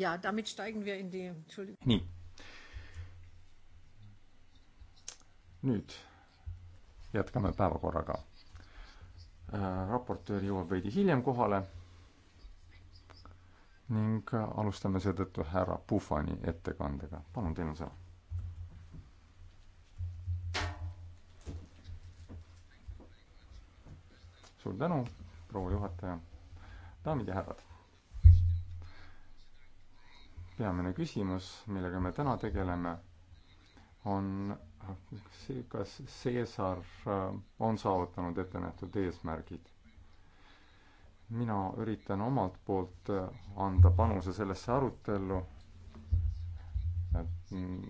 ja, damit steigen wir in die, Entschuldigung. nii. nüüd jätkame päevakorraga äh,. raportöör jõuab veidi hiljem kohale ning äh, alustame seetõttu härra Pufani ettekandega. palun, teil on sõna. suur tänu, proua juhataja, daamid ja härrad peamine küsimus, millega me täna tegeleme, on see, kas Caesar äh, on saavutanud ettenähtud eesmärgid. mina üritan omalt poolt äh, anda panuse sellesse arutellu, et mm,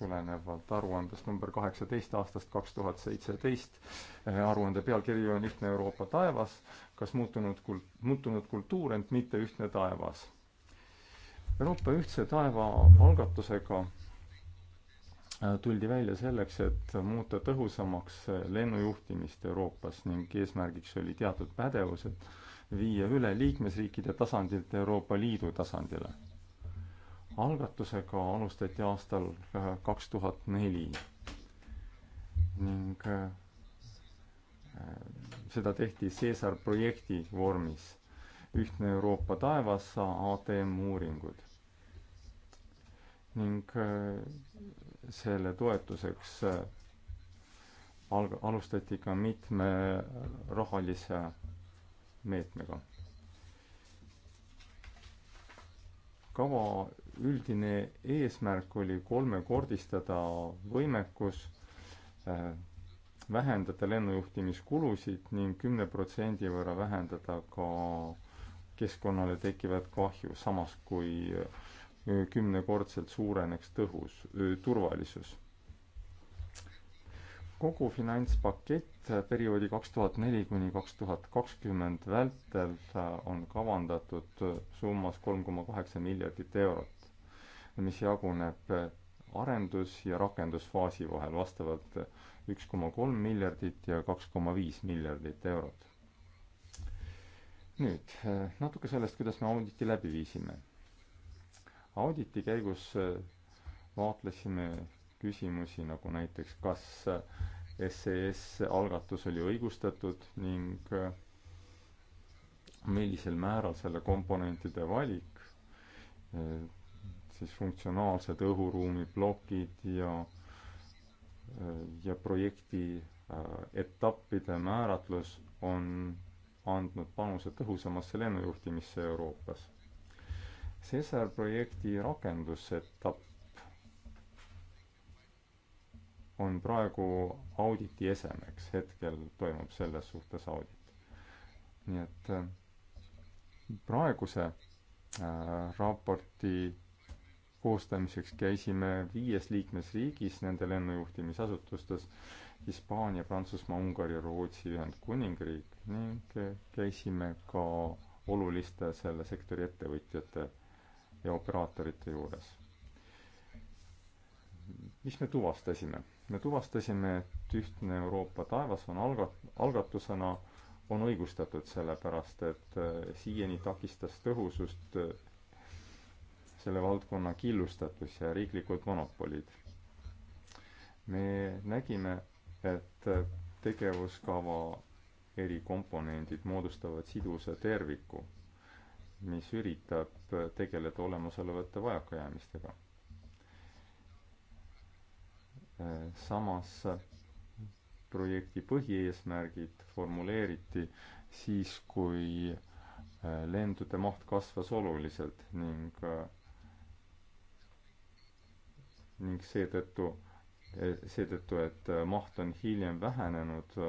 tulenevalt aruandest number kaheksateist aastast kaks tuhat seitseteist, äh, aruande pealkiri on Ühtne Euroopa taevas, kas muutunud kult-, muutunud kultuur, ent mitte ühtne taevas Euroopa Ühtse Taeva algatusega äh, tuldi välja selleks, et muuta tõhusamaks lennujuhtimist Euroopas ning eesmärgiks oli teatud pädevused viia üle liikmesriikide tasandilt Euroopa Liidu tasandile. algatusega alustati aastal äh, kaks tuhat neli ning äh, seda tehti Caesar projekti vormis. ühtne Euroopa taevas, ATM uuringud ning äh, selle toetuseks äh, alg-, alustati ka mitme rahalise meetmega. kava üldine eesmärk oli kolmekordistada võimekus, äh, vähendada lennujuhtimiskulusid ning kümne protsendi võrra vähendada ka keskkonnale tekkivat kahju, samas kui äh, kümnekordselt suureneks tõhus, turvalisus. kogu finantspakett perioodi kaks tuhat neli kuni kaks tuhat kakskümmend vältel äh, on kavandatud äh, summas kolm koma kaheksa miljardit eurot, mis jaguneb äh, arendus- ja rakendusfaasi vahel vastavalt üks koma kolm miljardit ja kaks koma viis miljardit eurot. nüüd natuke sellest, kuidas me auditi läbi viisime auditi käigus äh, vaatlesime küsimusi nagu näiteks, kas SES äh, e algatus oli õigustatud ning äh, millisel määral selle komponentide valik, siis funktsionaalsed õhuruumi plokid ja, ja projekti etappide määratlus on andnud panuse tõhusamasse lennujuhtimisse Euroopas Cesar projekti rakendusetapp on praegu auditi esemeks, hetkel toimub selles suhtes audit. nii et äh, praeguse äh, raporti koostamiseks käisime viies liikmesriigis nende lennujuhtimisasutustes Hispaania, Prantsusmaa, Ungari, Rootsi, Ühendkuningriik ning käisime ka oluliste selle sektori ettevõtjate ja operaatorite juures. mis me tuvastasime? me tuvastasime, et ühtne Euroopa taevas on algat-, algatusena on õigustatud, sellepärast et eh, siiani takistas tõhusust eh, selle valdkonna killustatus ja riiklikud monopolid. me nägime, et eh, tegevuskava eri komponendid moodustavad sidusa terviku mis üritab tegeleda olemasolevate vajakajäämistega. samas projekti põhieesmärgid formuleeriti siis, kui lendude maht kasvas oluliselt ning, ning seetõttu, seetõttu, et maht on hiljem vähenenud,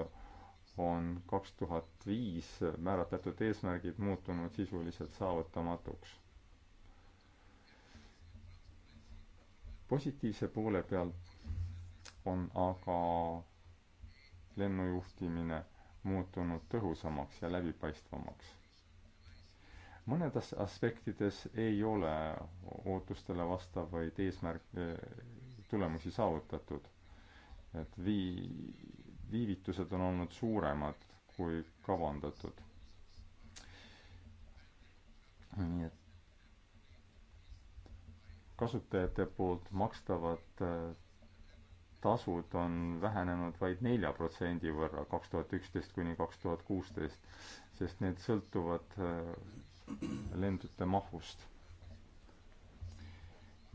on kaks tuhat viis määratletud eesmärgid muutunud sisuliselt saavutamatuks. positiivse poole pealt on aga lennujuhtimine muutunud tõhusamaks ja läbipaistvamaks. mõnedes aspektides ei ole ootustele vastavaid eesmärk, tulemusi saavutatud. et vii-, viivitused on olnud suuremad kui kavandatud. nii et kasutajate poolt makstavad äh, tasud on vähenenud vaid nelja protsendi võrra kaks tuhat üksteist kuni kaks tuhat kuusteist, sest need sõltuvad äh, lendude mahust.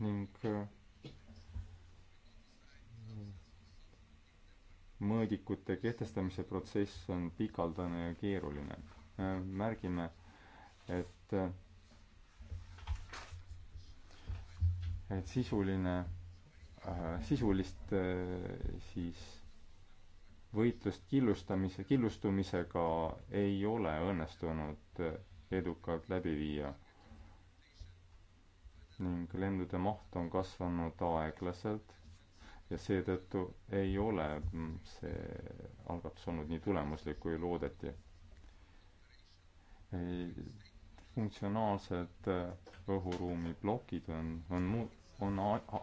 ning äh, mõõdikute kehtestamise protsess on pikaldane ja keeruline. märgime, et, et sisuline, äh, sisulist äh, siis võitlust killustamise, killustumisega ei ole õnnestunud äh, edukalt läbi viia. ning lendude maht on kasvanud aeglaselt ja seetõttu ei ole mm, see algatus olnud nii tulemuslik, kui loodeti. funktsionaalsed äh, õhuruumi plokid on, on muu-, on a-,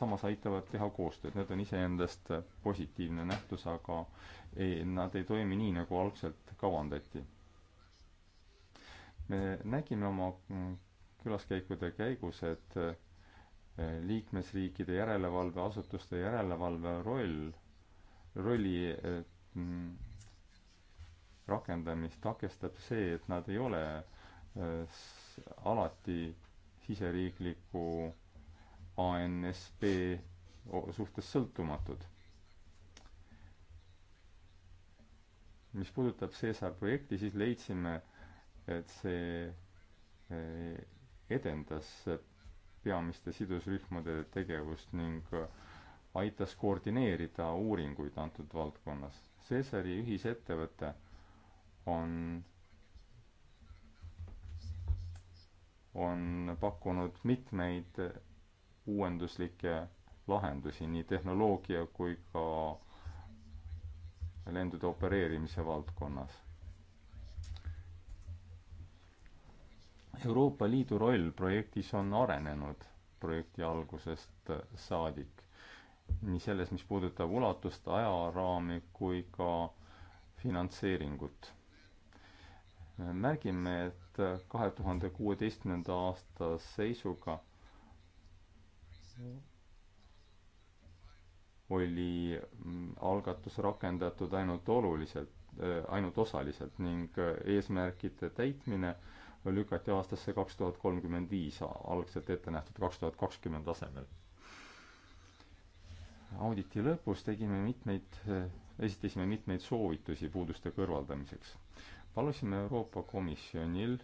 samas aitavad teha koostööd, need on iseendast äh, positiivne nähtus, aga ei, nad ei toimi nii, nagu algselt kavandati. me nägime oma mm, külaskäikude käigus, et äh, liikmesriikide järelevalveasutuste järelevalve roll, rolli mm, rakendamist takistab see, et nad ei ole äh, alati siseriikliku ANSP suhtes sõltumatud. mis puudutab CESAR projekti, siis leidsime, et see äh, edendas peamiste sidusrühmade tegevust ning aitas koordineerida uuringuid antud valdkonnas. Cesari ühisettevõte on, on pakkunud mitmeid uuenduslikke lahendusi nii tehnoloogia kui ka lendude opereerimise valdkonnas Euroopa Liidu roll projektis on arenenud projekti algusest saadik. nii selles, mis puudutab ulatust, ajaraami kui ka finantseeringut. märgime, et kahe tuhande kuueteistkümnenda aasta seisuga oli mm, algatus rakendatud ainult oluliselt, äh, ainult osaliselt ning äh, eesmärkide täitmine äh, lükati aastasse kaks tuhat kolmkümmend viis, algselt ette nähtud kaks tuhat kakskümmend asemel. auditi lõpus tegime mitmeid, esitasime mitmeid soovitusi puuduste kõrvaldamiseks. palusime Euroopa Komisjonil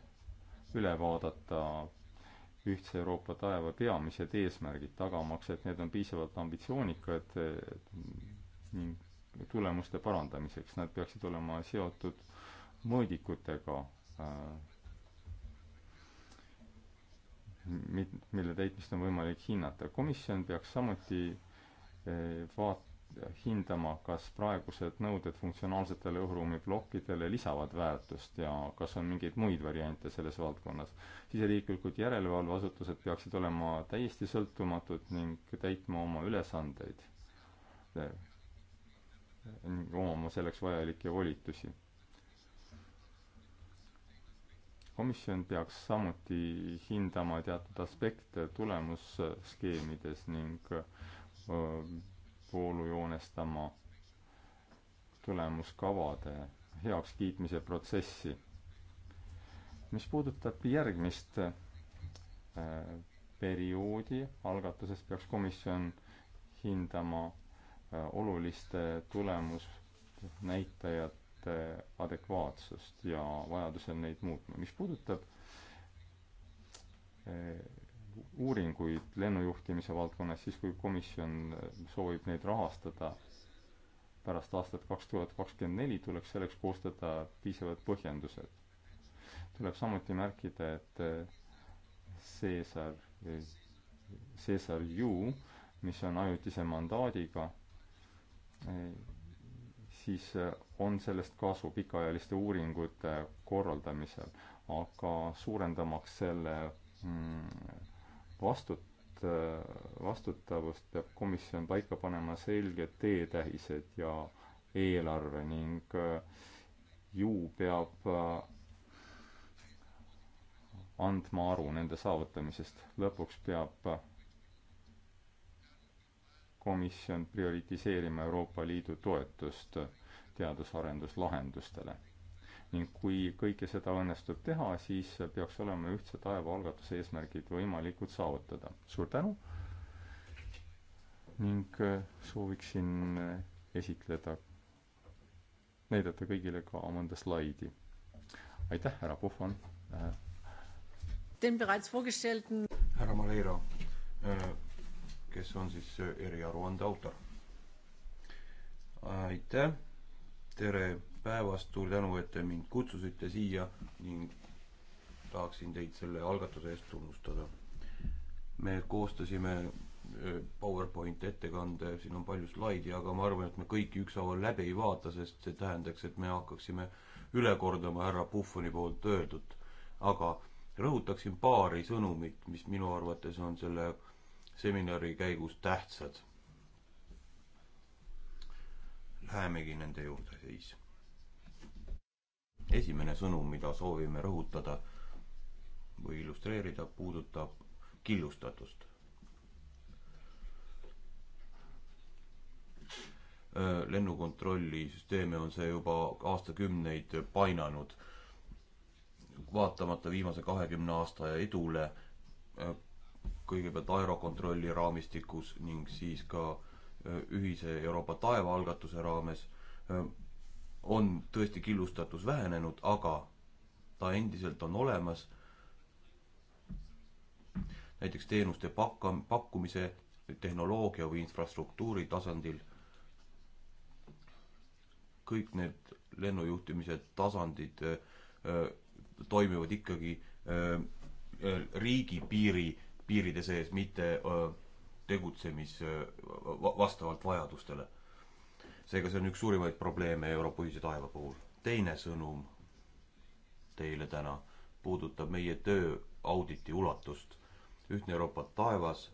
üle vaadata ühtse Euroopa taeva peamised eesmärgid, tagamaks, et need on piisavalt ambitsioonikad ning tulemuste parandamiseks. Nad peaksid olema seotud mõõdikutega äh, mille täitmist on võimalik hinnata. komisjon peaks samuti eh, vaat-, hindama, kas praegused nõuded funktsionaalsetele õhuruumi plokkidele lisavad väärtust ja kas on mingeid muid variante selles valdkonnas. siseriiklikud järelevalveasutused peaksid olema täiesti sõltumatud ning täitma oma ülesandeid eh, ning omama selleks vajalikke volitusi. komisjon peaks samuti hindama teatud aspekte tulemusskeemides ning voolu joonestama tulemuskavade heakskiitmise protsessi. mis puudutab järgmist perioodi, algatuses peaks komisjon hindama oluliste tulemusnäitajate nõuete adekvaatsust ja vajadusel neid muutma. mis puudutab eh, uuringuid lennujuhtimise valdkonnas, siis kui komisjon soovib neid rahastada pärast aastat kaks tuhat kakskümmend neli, tuleks selleks koostada piisavad põhjendused. tuleb samuti märkida, et eh, Caesar, eh, Caesar U, mis on ajutise mandaadiga, siis eh, on sellest kasu pikaajaliste uuringute korraldamisel, aga suurendamaks selle mm, vastut-, eh, vastutavust, peab komisjon paika panema selged teetähised ja eelarve ning eh, ju peab andma aru nende saavutamisest. lõpuks peab komisjon prioritiseerima Euroopa Liidu toetust teadus-arenduslahendustele. ning kui kõike seda õnnestub teha, siis peaks olema Ühtse taeva algatuse eesmärgid võimalikud saavutada. suur tänu ning äh, sooviksin äh, esitleda, näidata kõigile ka Amanda slaidi. aitäh, härra Puhvan! Äh, härra Maleiro, kes on siis äh, eriaruande autor. aitäh, tere päevast, suur tänu, et te mind kutsusite siia ning tahaksin teid selle algatuse eest tunnustada. me koostasime äh, PowerPoint ettekande, siin on palju slaidi, aga ma arvan, et me kõiki ükshaaval läbi ei vaata, sest see tähendaks, et me hakkaksime üle kordama härra Puffoni poolt öeldut. aga rõhutaksin paari sõnumit, mis minu arvates on selle äh, seminari käigus tähtsad. Lähemegi nende juurde siis. esimene sõnum, mida soovime rõhutada või illustreerida, puudutab killustatust. lennukontrollisüsteeme on see juba aastakümneid painanud. vaatamata viimase kahekümne aasta edule kõigepealt aerokontrolli raamistikus ning siis ka ühise Euroopa taeva algatuse raames on tõesti killustatus vähenenud, aga ta endiselt on olemas. näiteks teenuste pakka, pakkumise, tehnoloogia või infrastruktuuri tasandil. kõik need lennujuhtimise tasandid öö, toimivad ikkagi öö, riigipiiri piiride sees, mitte tegutsemis vastavalt vajadustele. seega see on üks suurimaid probleeme Euroopa ühise taeva puhul. teine sõnum teile täna puudutab meie töö auditi ulatust. ühtne Euroopa taevas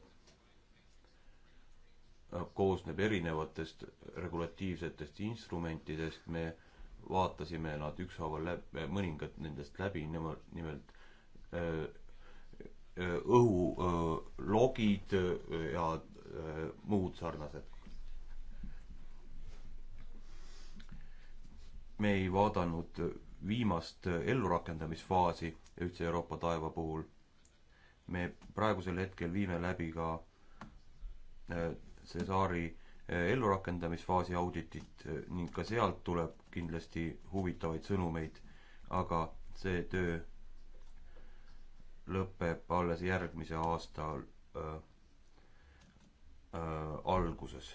koosneb erinevatest regulatiivsetest instrumentidest, me vaatasime nad ükshaaval läbi, mõningad nendest läbi, nimelt õhulogid ja muud sarnased. me ei vaadanud viimast ellurakendamisfaasi ühtse Euroopa taeva puhul. me praegusel hetkel viime läbi ka Cesari ellurakendamisfaasi auditit ning ka sealt tuleb kindlasti huvitavaid sõnumeid, aga see töö lõpeb alles järgmise aasta äh, äh, alguses.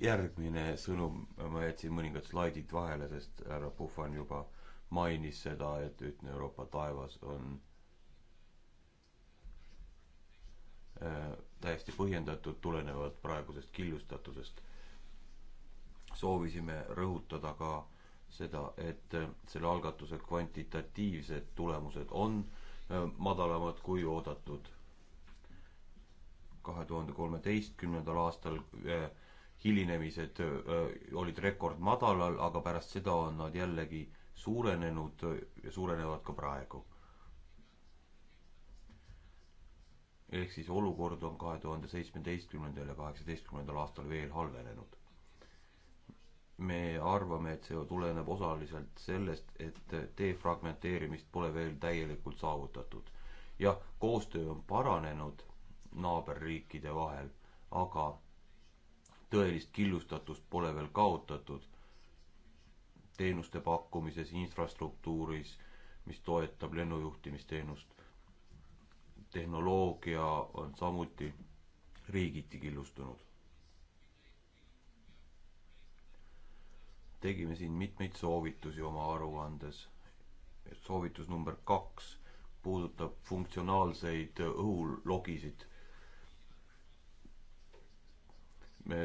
järgmine sõnum, ma jätsin mõningad slaidid vahele, sest härra Puhvan juba mainis seda, et ühtne Euroopa taevas on äh, täiesti põhjendatud, tulenevalt praegusest killustatusest soovisime rõhutada ka seda, et äh, selle algatuse kvantitatiivsed tulemused on äh, madalamad kui oodatud. kahe tuhande kolmeteistkümnendal aastal äh, hilinemised olid rekordmadalal, aga pärast seda on nad jällegi suurenenud ja suurenevad ka praegu. ehk siis olukord on kahe tuhande seitsmeteistkümnendal ja kaheksateistkümnendal aastal veel halvenenud me arvame, et see tuleneb osaliselt sellest, et defragmenteerimist pole veel täielikult saavutatud. jah, koostöö on paranenud naaberriikide vahel, aga tõelist killustatust pole veel kaotatud. teenuste pakkumises, infrastruktuuris, mis toetab lennujuhtimisteenust. tehnoloogia on samuti riigiti killustunud tegime siin mitmeid soovitusi oma aruandes. soovitus number kaks puudutab funktsionaalseid õhulogisid. me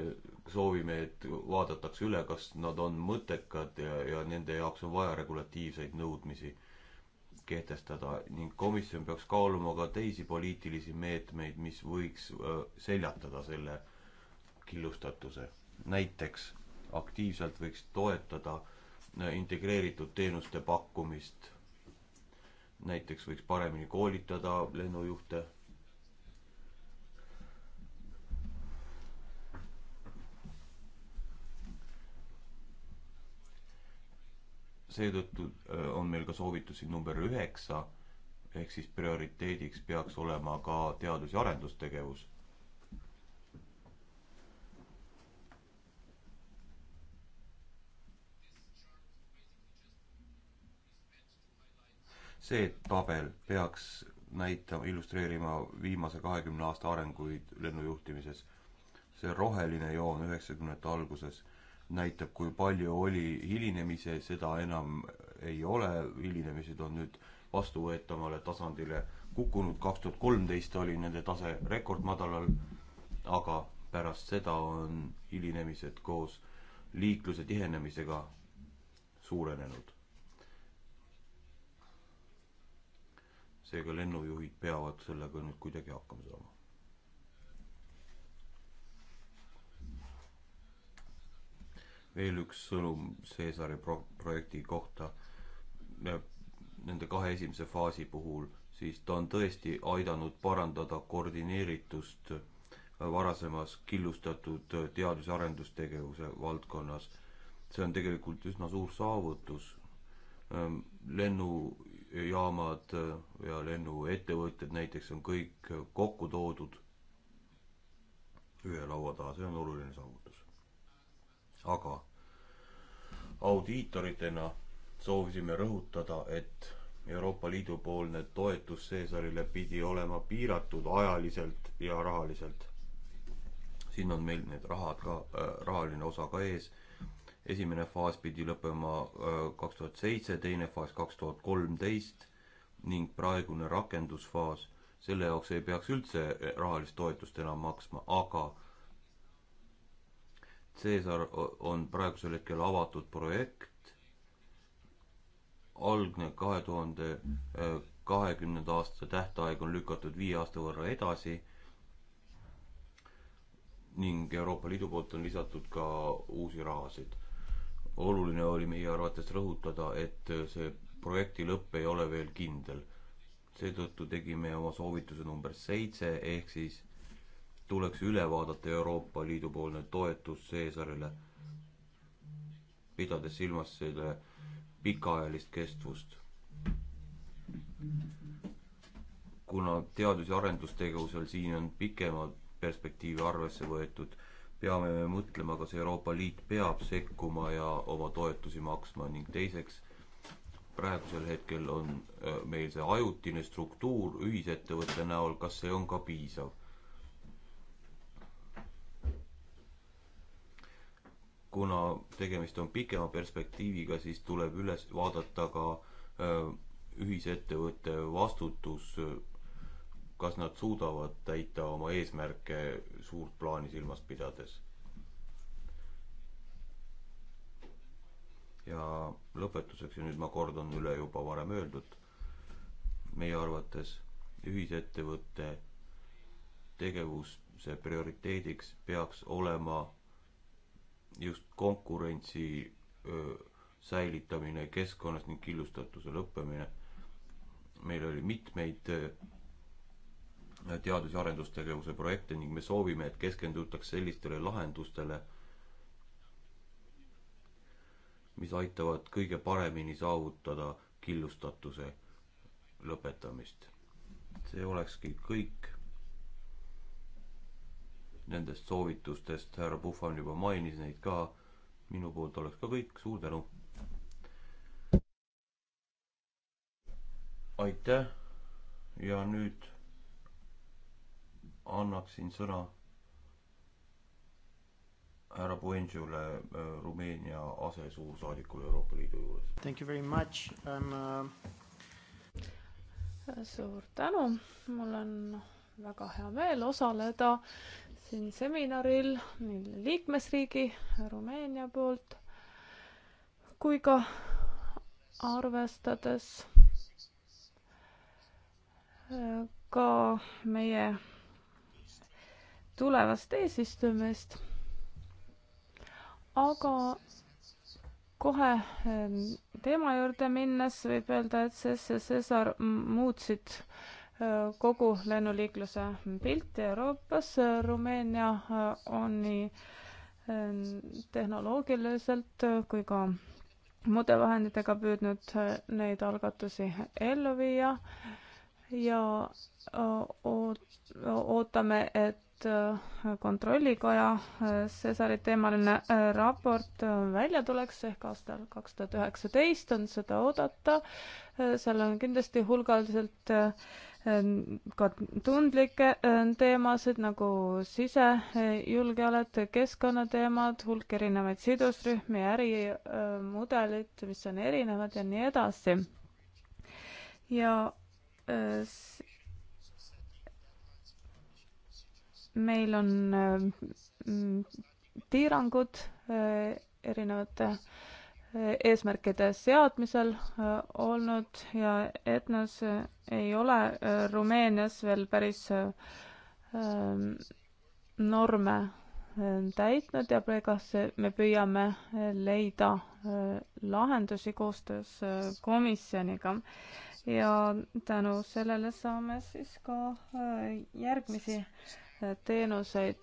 soovime, et vaadatakse üle, kas nad on mõttekad ja, ja nende jaoks on vaja regulatiivseid nõudmisi kehtestada ning komisjon peaks kaaluma ka teisi poliitilisi meetmeid, mis võiks äh, seljatada selle killustatuse. näiteks aktiivselt võiks toetada äh, integreeritud teenuste pakkumist. näiteks võiks paremini koolitada lennujuhte. seetõttu äh, on meil ka soovitusi number üheksa ehk siis prioriteediks peaks olema ka teadus- ja arendustegevus see tabel peaks näitama, illustreerima viimase kahekümne aasta arenguid lennujuhtimises. see roheline joon üheksakümnendate alguses näitab, kui palju oli hilinemisi, seda enam ei ole, hilinemised on nüüd vastuvõetavale tasandile kukkunud, kaks tuhat kolmteist oli nende tase rekordmadalal, aga pärast seda on hilinemised koos liikluse tihenemisega suurenenud. seega lennujuhid peavad sellega nüüd kuidagi hakkama saama. veel üks sõnum Caesari pro-, projekti kohta. Nende kahe esimese faasi puhul, siis ta on tõesti aidanud parandada koordineeritust varasemas killustatud teadus- ja arendustegevuse valdkonnas. see on tegelikult üsna suur saavutus lennu jaamad ja lennuettevõtted näiteks on kõik kokku toodud ühe laua taha, see on oluline saavutus. aga audiitoritena soovisime rõhutada, et Euroopa Liidu poolne toetus Caesarile pidi olema piiratud ajaliselt ja rahaliselt. siin on meil need rahad ka äh,, rahaline osa ka ees esimene faas pidi lõppema äh, kaks tuhat seitse, teine faas kaks tuhat kolmteist ning praegune rakendusfaas, selle jaoks ei peaks üldse äh, rahalist toetust enam maksma, aga Cesar on praegusel hetkel avatud projekt, algne kahe tuhande äh, kahekümnenda aasta tähtaeg on lükatud viie aasta võrra edasi ning Euroopa Liidu poolt on lisatud ka uusi rahasid oluline oli meie arvates rõhutada, et see projekti lõpp ei ole veel kindel. seetõttu tegime oma soovituse number seitse, ehk siis tuleks üle vaadata Euroopa Liidu poolne toetus Seesarile, pidades silmas selle pikaajalist kestvust. kuna teadus- ja arendustegevusel siin on pikema perspektiivi arvesse võetud peame me mõtlema, kas Euroopa Liit peab sekkuma ja oma toetusi maksma ning teiseks, praegusel hetkel on äh, meil see ajutine struktuur ühisettevõtte näol, kas see on ka piisav? kuna tegemist on pikema perspektiiviga, siis tuleb üles vaadata ka äh, ühisettevõtte vastutus kas nad suudavad täita oma eesmärke suurt plaani silmas pidades. ja lõpetuseks ja nüüd ma kordan üle juba varem öeldud, meie arvates ühisettevõtte tegevuse prioriteediks peaks olema just konkurentsi öö, säilitamine keskkonnas ning killustatuse lõppemine. meil oli mitmeid öö, teadus- ja arendustegevuse projekte ning me soovime, et keskendutaks sellistele lahendustele, mis aitavad kõige paremini saavutada killustatuse lõpetamist. see olekski kõik nendest soovitustest, härra Puhvan juba mainis neid ka, minu poolt oleks ka kõik, suur tänu! aitäh ja nüüd annaksin sõna härra Puensiule, äh, Rumeenia asesuursaadikule Euroopa Liidu juures. Thank you very much, I m uh... Äh, suur tänu, mul on väga hea meel osaleda siin seminaril nii liikmesriigi Rumeenia poolt kui ka arvestades äh, ka meie tulevast eesistumist. aga kohe ähm, teema juurde minnes võib öelda, et CES ja Cesar muutsid äh, kogu lennuliikluse pilti Euroopas. Rumeenia äh, on nii ähm, tehnoloogiliselt äh, kui ka muude vahenditega püüdnud neid algatusi ellu viia ja ootame, et Äh, kontrollikoja äh, Cesari teemaline äh, raport välja tuleks ehk aastal kaks tuhat üheksateist on seda oodata. seal on kindlasti hulgaliselt ka tundlikke teemasid nagu sisejulgeolek, keskkonnateemad, hulk erinevaid sidusrühmi, ärimudelid, mis on erinevad ja nii edasi. ja meil on äh, piirangud äh, erinevate äh, eesmärkide seadmisel olnud ja ETNAS ei ole Rumeenias veel päris norme täitnud ja Pregas me püüame leida lahendusi koostöös komisjoniga. ja tänu sellele saame siis ka järgmisi teenuseid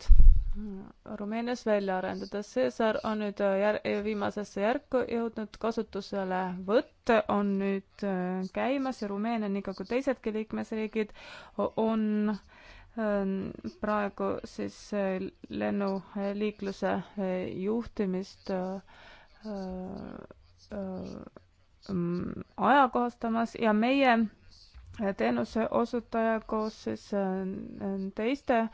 Rumeenias välja arendada. Cesar on nüüd äh, jär-, äh, viimasesse järku jõudnud kasutusele võtt, on nüüd äh, käimas ja Rumeenia, nii nagu teisedki liikmesriigid, on ähm, praegu siis lennuliikluse juhtimist ajakohastamas ja meie teenuseosutaja koos siis äh, teiste äh,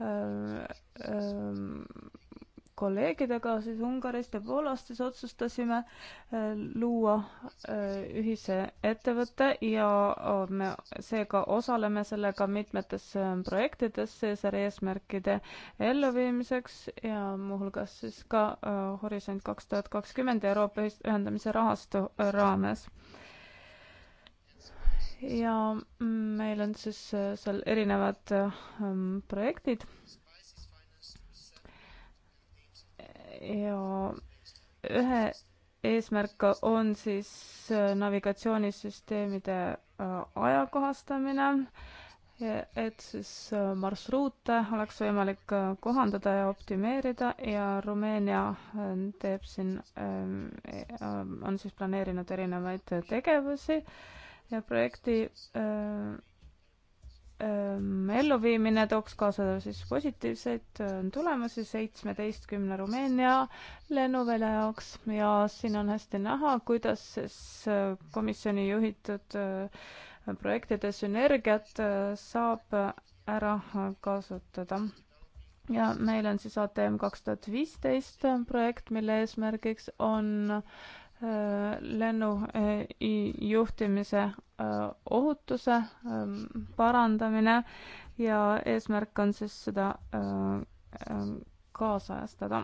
äh, kolleegidega siis Ungarist ja Poolast siis otsustasime luua ühise ettevõtte ja me seega osaleme sellega mitmetes projektides Seesari eesmärkide elluviimiseks ja muuhulgas siis ka Horisont kaks tuhat kakskümmend Euroopa ühendamise rahastu raames ja meil on siis äh, seal erinevad ähm, projektid. ja ühe eesmärk on siis äh, navigatsioonisüsteemide äh, ajakohastamine, et siis marsruute oleks võimalik kohandada ja optimeerida ja Rumeenia teeb siin, ähm, on siis planeerinud erinevaid tegevusi ja projekti öö, elluviimine tooks kaasa siis positiivseid tulemusi seitsmeteistkümne Rumeenia lennuvälja jaoks ja siin on hästi näha, kuidas siis komisjoni juhitud projektide sünergiat saab ära kasutada. ja meil on siis ATM kaks tuhat viisteist projekt, mille eesmärgiks on äh, Äh, lennu äh, juhtimise äh, ohutuse ähm, parandamine ja eesmärk on siis seda kaasajastada.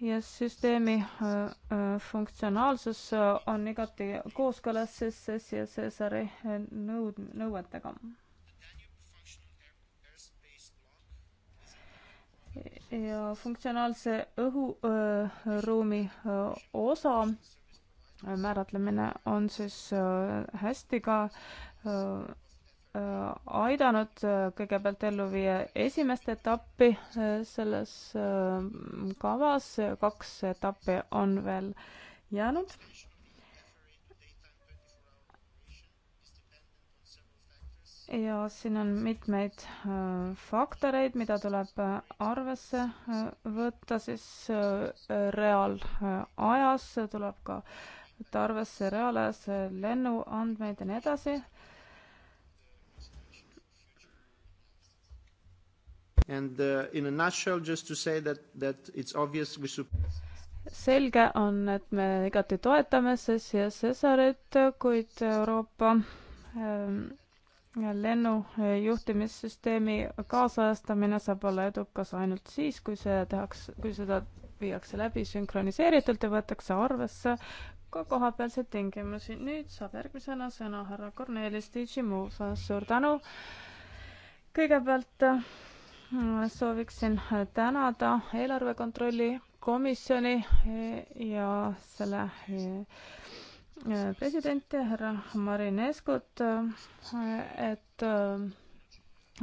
ja süsteemi funktsionaalsus on igati kooskõlas siis CSSR-i nõud-, nõuetega ja funktsionaalse õhuruumi osa määratlemine on siis hästi ka aidanud kõigepealt ellu viia esimest etappi selles kavas, kaks etappi on veel jäänud ja siin on mitmeid äh, faktoreid, mida tuleb äh, arvesse äh, võtta siis reaalajas, tuleb ka võtta arvesse reaalajas lennuandmeid ja nii edasi. And uh, in a nutshell just to say that, that it's obvious we should selge on, et me igati toetame CES ja Cesarit, kuid Euroopa ähm, lennujuhtimissüsteemi kaasajastamine saab olla edukas ainult siis, kui see tehakse, kui seda viiakse läbi sünkroniseeritult ja võetakse arvesse ka kohapealseid tingimusi. nüüd saab järgmisena sõna härra Kornelis Digimusa, suur tänu. kõigepealt äh, sooviksin tänada eelarve kontrolli komisjoni äh, ja selle äh, presidenti, härra Marineskut, et äh,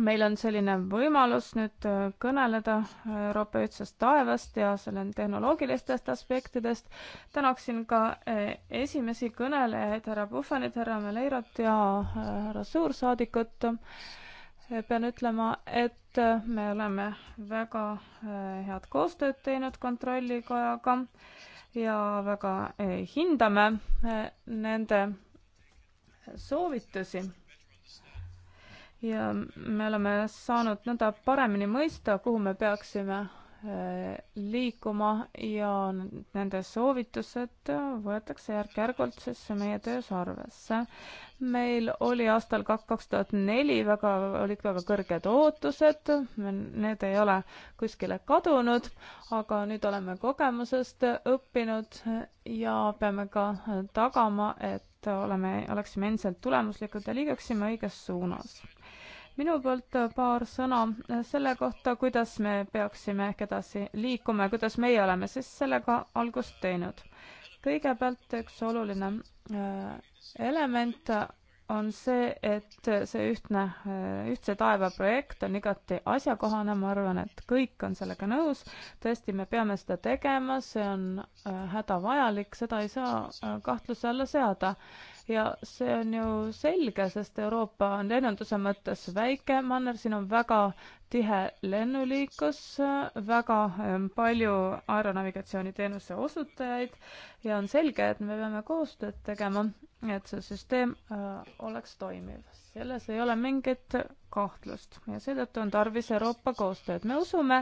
meil on selline võimalus nüüd äh, kõneleda Euroopa ühtsest taevast ja selle tehnoloogilistest aspektidest. tänaksin ka äh, esimesi kõnelejaid, härra Puhvanit, härra Meleirat ja härra suursaadikut. pean ütlema, et me oleme väga head koostööd teinud Kontrollikojaga ka ja väga eh, hindame eh, nende soovitusi. ja me oleme saanud nõnda paremini mõista, kuhu me peaksime liikuma ja nende soovitused võetakse järk-järgult siis meie töös arvesse. meil oli aastal kaks tuhat neli väga, olid väga kõrged ootused, need ei ole kuskile kadunud, aga nüüd oleme kogemusest õppinud ja peame ka tagama, et oleme, oleksime endiselt tulemuslikud ja liiguksime õiges suunas minu poolt äh, paar sõna äh, selle kohta, kuidas me peaksime ehk edasi liikuma ja kuidas meie oleme siis sellega algust teinud. kõigepealt üks oluline äh, element on see, et see ühtne, Ühtse taeva projekt on igati asjakohane, ma arvan, et kõik on sellega nõus. tõesti, me peame seda tegema, see on hädavajalik, seda ei saa kahtluse alla seada ja see on ju selge, sest Euroopa on lennunduse mõttes väike manner, siin on väga tihe lennuliiklus, väga ähm, palju aeronavigatsiooniteenuse osutajaid ja on selge, et me peame koostööd tegema et see süsteem äh, oleks toimiv. selles ei ole mingit kahtlust ja seetõttu on tarvis Euroopa koostööd. me usume,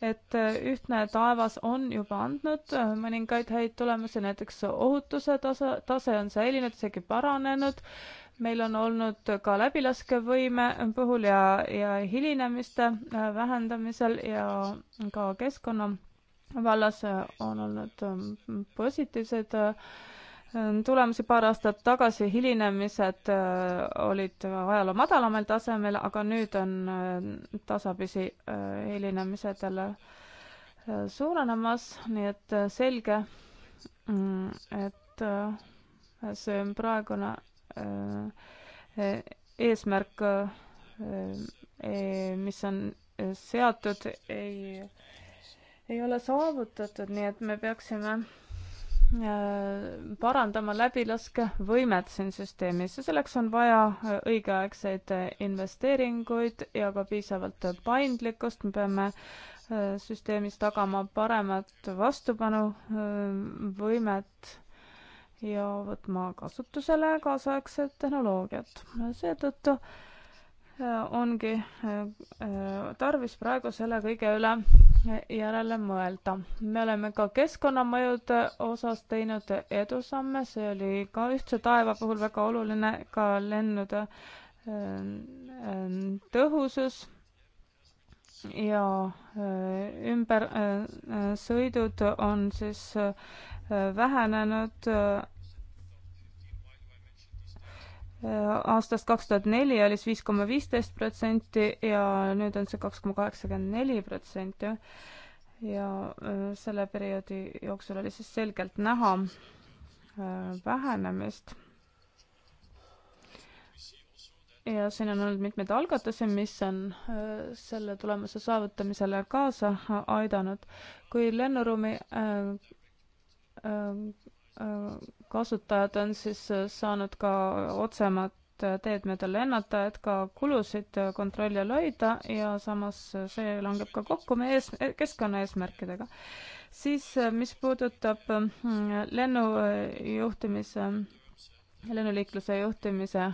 et äh, ühtne taevas on juba andnud äh, mõningaid häid tulemusi, näiteks ohutuse tase, tase on säilinud, isegi paranenud. meil on olnud ka läbilaskevõime puhul ja, ja hilinemiste vähendamisel ja ka keskkonna vallas on olnud positiivseid äh, Ähm, tulemusi paar aastat tagasi hilinemised äh, olid ajaloo madalamal tasemel, aga nüüd on äh, tasapisi äh, hilinemised jälle suurenemas, nii et selge, mm, et see on praegune e-, eesmärk, e-, mis on seatud, ei, ei ole saavutatud, nii et me peaksime Äh, parandama läbilaskevõimet siin süsteemis ja selleks on vaja äh, õigeaegseid äh, investeeringuid ja ka piisavalt paindlikkust, me peame süsteemis tagama paremat vastupanuvõimet ja võtma kasutusele kaasaegset tehnoloogiat. seetõttu ongi tarvis praegu selle kõige üle järele mõelda. me oleme ka keskkonnamõjude osas teinud edusamme, see oli ka ühtse taeva puhul väga oluline, ka lennude ähm, ähm, tõhusus ja äh, ümbersõidud äh, äh, on siis vähenenud aastast kaks tuhat neli oli siis viis koma viisteist protsenti ja nüüd on see kaks koma kaheksakümmend neli protsenti. ja äh, selle perioodi jooksul oli siis selgelt näha äh, vähenemist ja siin on olnud mitmeid algatusi, mis on äh, selle tulemuse saavutamisele kaasa aidanud. kui lennuruumi kasutajad on siis äh, saanud ka otsemat äh, teed mööda lennata, et ka kulusid äh, kontrolli all hoida ja samas see langeb ka kokku meie ees, e-, keskkonna eesmärkidega. siis, mis puudutab lennujuhtimise lennuliikluse juhtimise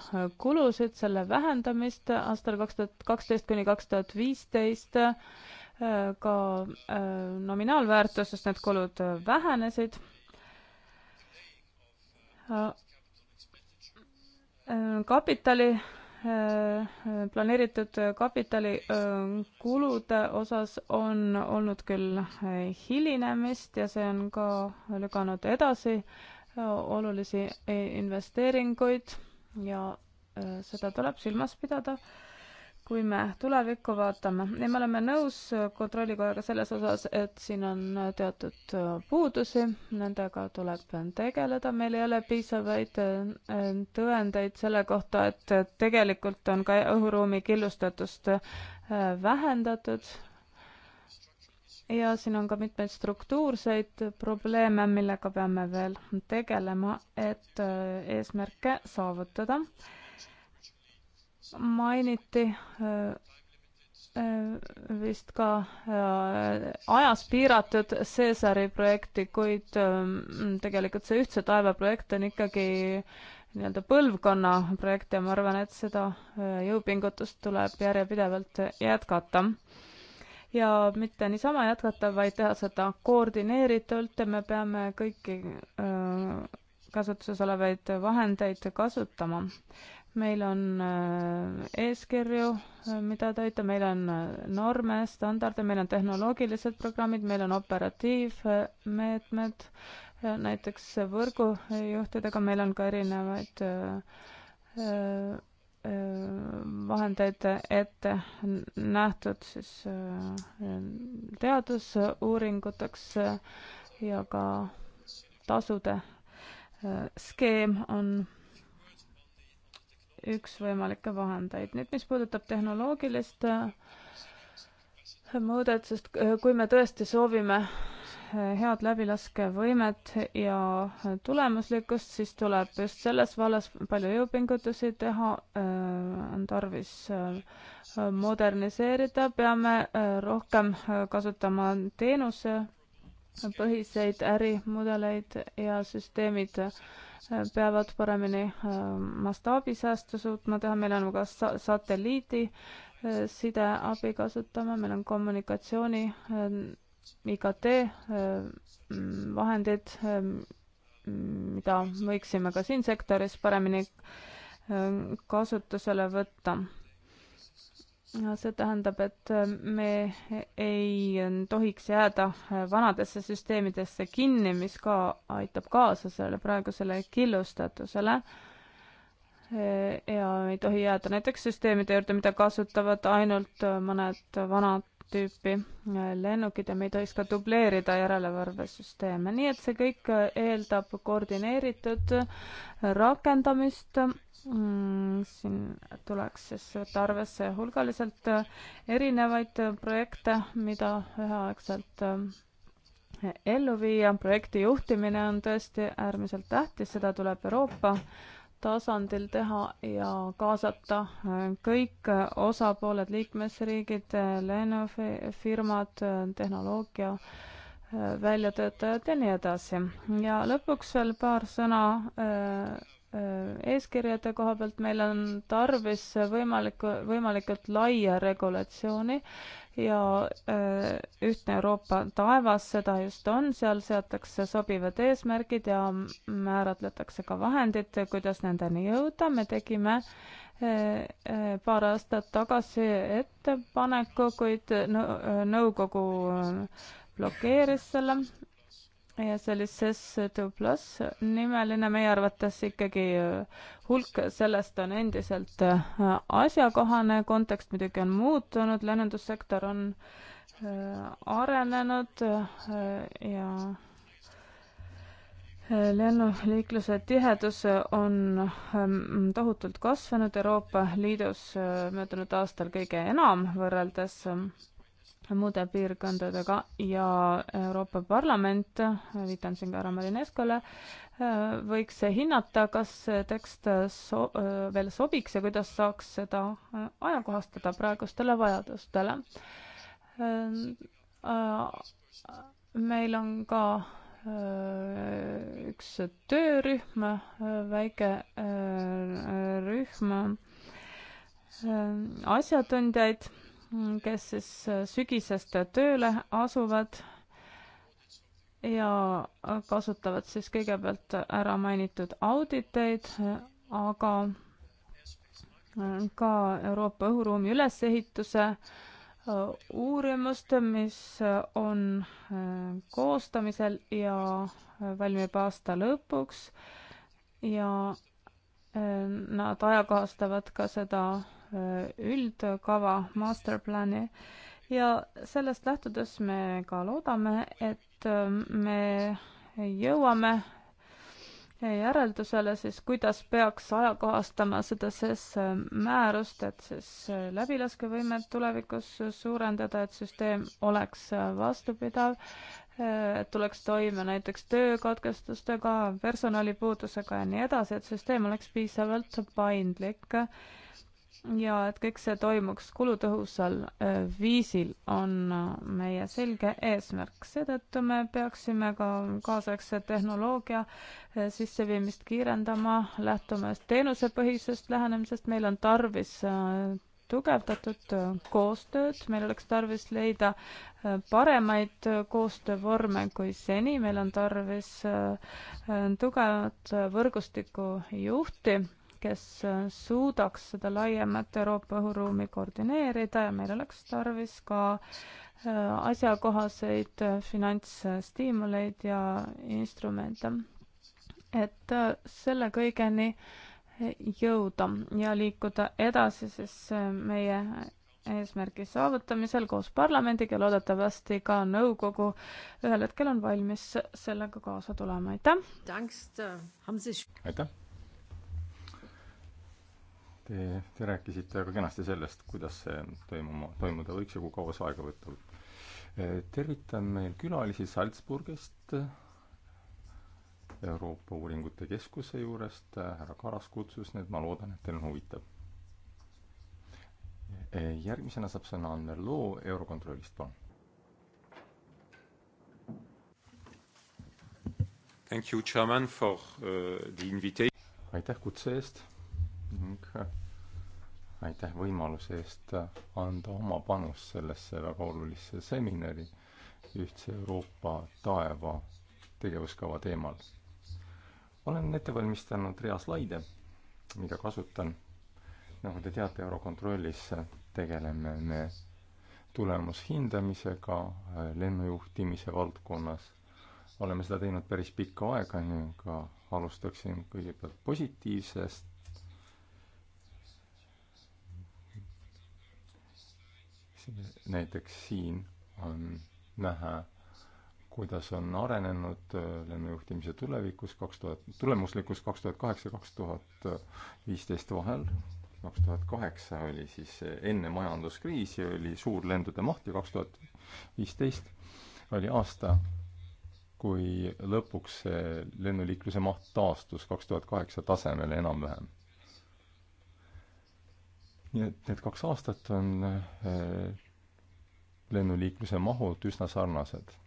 kulusid, selle vähendamist aastal kaks tuhat kaksteist kuni kaks tuhat viisteist ka nominaalväärtuses need kulud vähenesid Äh, kapitali, äh, planeeritud kapitali äh, kulude osas on olnud küll hilinemist ja see on ka lükanud edasi olulisi investeeringuid ja seda tuleb silmas pidada kui me tulevikku vaatame ja me oleme nõus kontrollikojaga selles osas, et siin on teatud puudusi, nendega tuleb tegeleda, meil ei ole piisavaid äh, tõendeid selle kohta, et tegelikult on ka õhuruumi killustatust äh, vähendatud. ja siin on ka mitmeid struktuurseid probleeme, millega peame veel tegelema, et äh, eesmärke saavutada mainiti äh, äh, vist ka äh, ajas piiratud Cäsari projekti, kuid ähm, tegelikult see Ühtse taeva projekt on ikkagi nii-öelda põlvkonna projekt ja ma arvan, et seda jõupingutust tuleb järjepidevalt jätkata. ja mitte niisama jätkata, vaid teha seda koordineeritult ja me peame kõiki kasutuses olevaid vahendeid kasutama meil on äh, eeskirju, äh, mida täita, meil on äh, norme, standarde, meil on tehnoloogilised programmid, meil on operatiivmeetmed, näiteks võrgujuhtidega, meil on ka erinevaid vahendeid ette nähtud siis teadusuuringuteks ja ka tasude skeem on üks võimalikke vahendeid. nüüd, mis puudutab tehnoloogilist äh, mõõdet, sest äh, kui me tõesti soovime äh, head läbilaskevõimet ja tulemuslikkust, siis tuleb just selles vallas palju jõupingutusi teha, on tarvis moderniseerida, peame rohkem kasutama teenusepõhiseid ärimudeleid ja süsteemid peavad paremini ähm, mastaabisäästu suutma teha, meil on ka sa-, satelliidi äh, sideabi kasutama, meil on kommunikatsiooni ähm, IKT äh, mm, vahendid, ähm, mida võiksime ka siin sektoris paremini kasutusele võtta no see tähendab, et äh, me ei tohiks jääda äh, vanadesse süsteemidesse kinni, mis ka aitab kaasa sellele praegusele killustatusele. Äh, ja ei tohi jääda näiteks süsteemide juurde, mida kasutavad ainult mõned vanad tüüpi äh, lennukid ja me ei tohiks ka dubleerida järelevalvesüsteeme, nii et see kõik äh, eeldab koordineeritud äh, rakendamist. Mm, siin tuleks siis võtta arvesse hulgaliselt erinevaid projekte, mida üheaegselt ellu viia, projekti juhtimine on tõesti äärmiselt tähtis, seda tuleb Euroopa tasandil teha ja kaasata äh, kõik äh, osapooled, liikmesriigid, äh, lennufirmad, tehnoloogia väljatöötajad ja nii edasi. ja lõpuks veel paar sõna Äh, eeskirjade koha pealt meil on tarvis võimalikku, võimalikult laia regulatsiooni ja äh, ühtne Euroopa taevas, seda just on, seal seatakse sobivad eesmärgid ja määratletakse ka vahendid, kuidas nendeni jõuda, me tegime äh, paar aastat tagasi ettepaneku, kuid nõukogu blokeeris selle ja see oli SES2 pluss nimeline, meie arvates ikkagi äh, hulk sellest on endiselt äh, asjakohane, kontekst muidugi on muutunud, lennundussektor on äh, arenenud ja lennuliikluse tihedus on ähm, tohutult kasvanud Euroopa Liidus möödunud aastal kõige enam võrreldes ähm, muude piirkondadega ja Euroopa Parlament, viitan siin ka härra Marineskole, võiks hinnata, kas see tekst so-, veel sobiks ja kuidas saaks seda ajakohastada praegustele vajadustele. meil on ka äh, üks töörühm, väike äh, rühm äh, asjatundjaid Mm, kes siis äh, sügisest tööle asuvad ja kasutavad siis kõigepealt ära mainitud auditeid, aga äh, ka Euroopa õhuruumi ülesehituse äh, uurimust, mis on koostamisel ja valmib aasta lõpuks ja nad ajakohastavad ka seda Äh, üldkava, masterplani ja sellest lähtudes me ka loodame, et äh, me jõuame järeldusele siis, kuidas peaks ajakohastama seda SES äh, määrust, et siis läbilaskevõimet tulevikus suurendada, et süsteem oleks vastupidav, et tuleks toime näiteks töökatkestustega, personalipuudusega ja nii edasi, et süsteem oleks piisavalt paindlik ja et kõik see toimuks kulutõhusal äh, viisil, on äh, meie selge eesmärk. seetõttu me peaksime ka kaasaegse tehnoloogia äh, sisseviimist kiirendama, lähtuma teenusepõhisest lähenemisest, meil on tarvis tugevdatud koostööd, meil oleks tarvis leida paremaid koostöövorme kui seni, meil on tarvis tugevat võrgustiku juhti kes äh, suudaks seda laiemat Euroopa õhuruumi koordineerida ja meil oleks tarvis ka äh, asjakohaseid äh, finantsstiimuleid ja instrumente, et selle kõigeni jõuda ja liikuda edasi siis meie eesmärgi saavutamisel koos parlamendiga, loodetavasti ka nõukogu ühel hetkel on valmis sellega kaasa tulema, aitäh! aitäh! Te, te rääkisite väga kenasti sellest, kuidas see toimuma, toimuda võiks ja kui kaua see aega võtab. tervitan meil külalisi Salzburgist, Euroopa Uuringute Keskuse juurest, härra Karas kutsus need, ma loodan, et teil on huvitav. järgmisena saab sõna Anner Loo Eurokontrollist, palun. Thank you, Chairman, for uh, the invitation. aitäh kutse eest ning äh, aitäh võimaluse eest äh, anda oma panus sellesse väga olulisse seminari Ühtse Euroopa taeva tegevuskava teemal. olen ette valmistanud rea slaide, mida kasutan. nagu te teate, Eurokontrollis tegeleme me tulemushindamisega äh, lennujuhtimise valdkonnas. oleme seda teinud päris pikka aega, nii aga alustaksin kõigepealt positiivsest näiteks siin on näha, kuidas on arenenud äh, lennujuhtimise tulevikus kaks tuhat, tulemuslikkus kaks tuhat kaheksa, kaks tuhat viisteist vahel. kaks tuhat kaheksa oli siis äh, enne majanduskriisi oli suur lendude maht ja kaks tuhat viisteist oli aasta, kui lõpuks see lennuliikluse maht taastus kaks tuhat kaheksa tasemele enam-vähem nii et need kaks aastat on äh, lennuliikluse mahud üsna sarnased ja.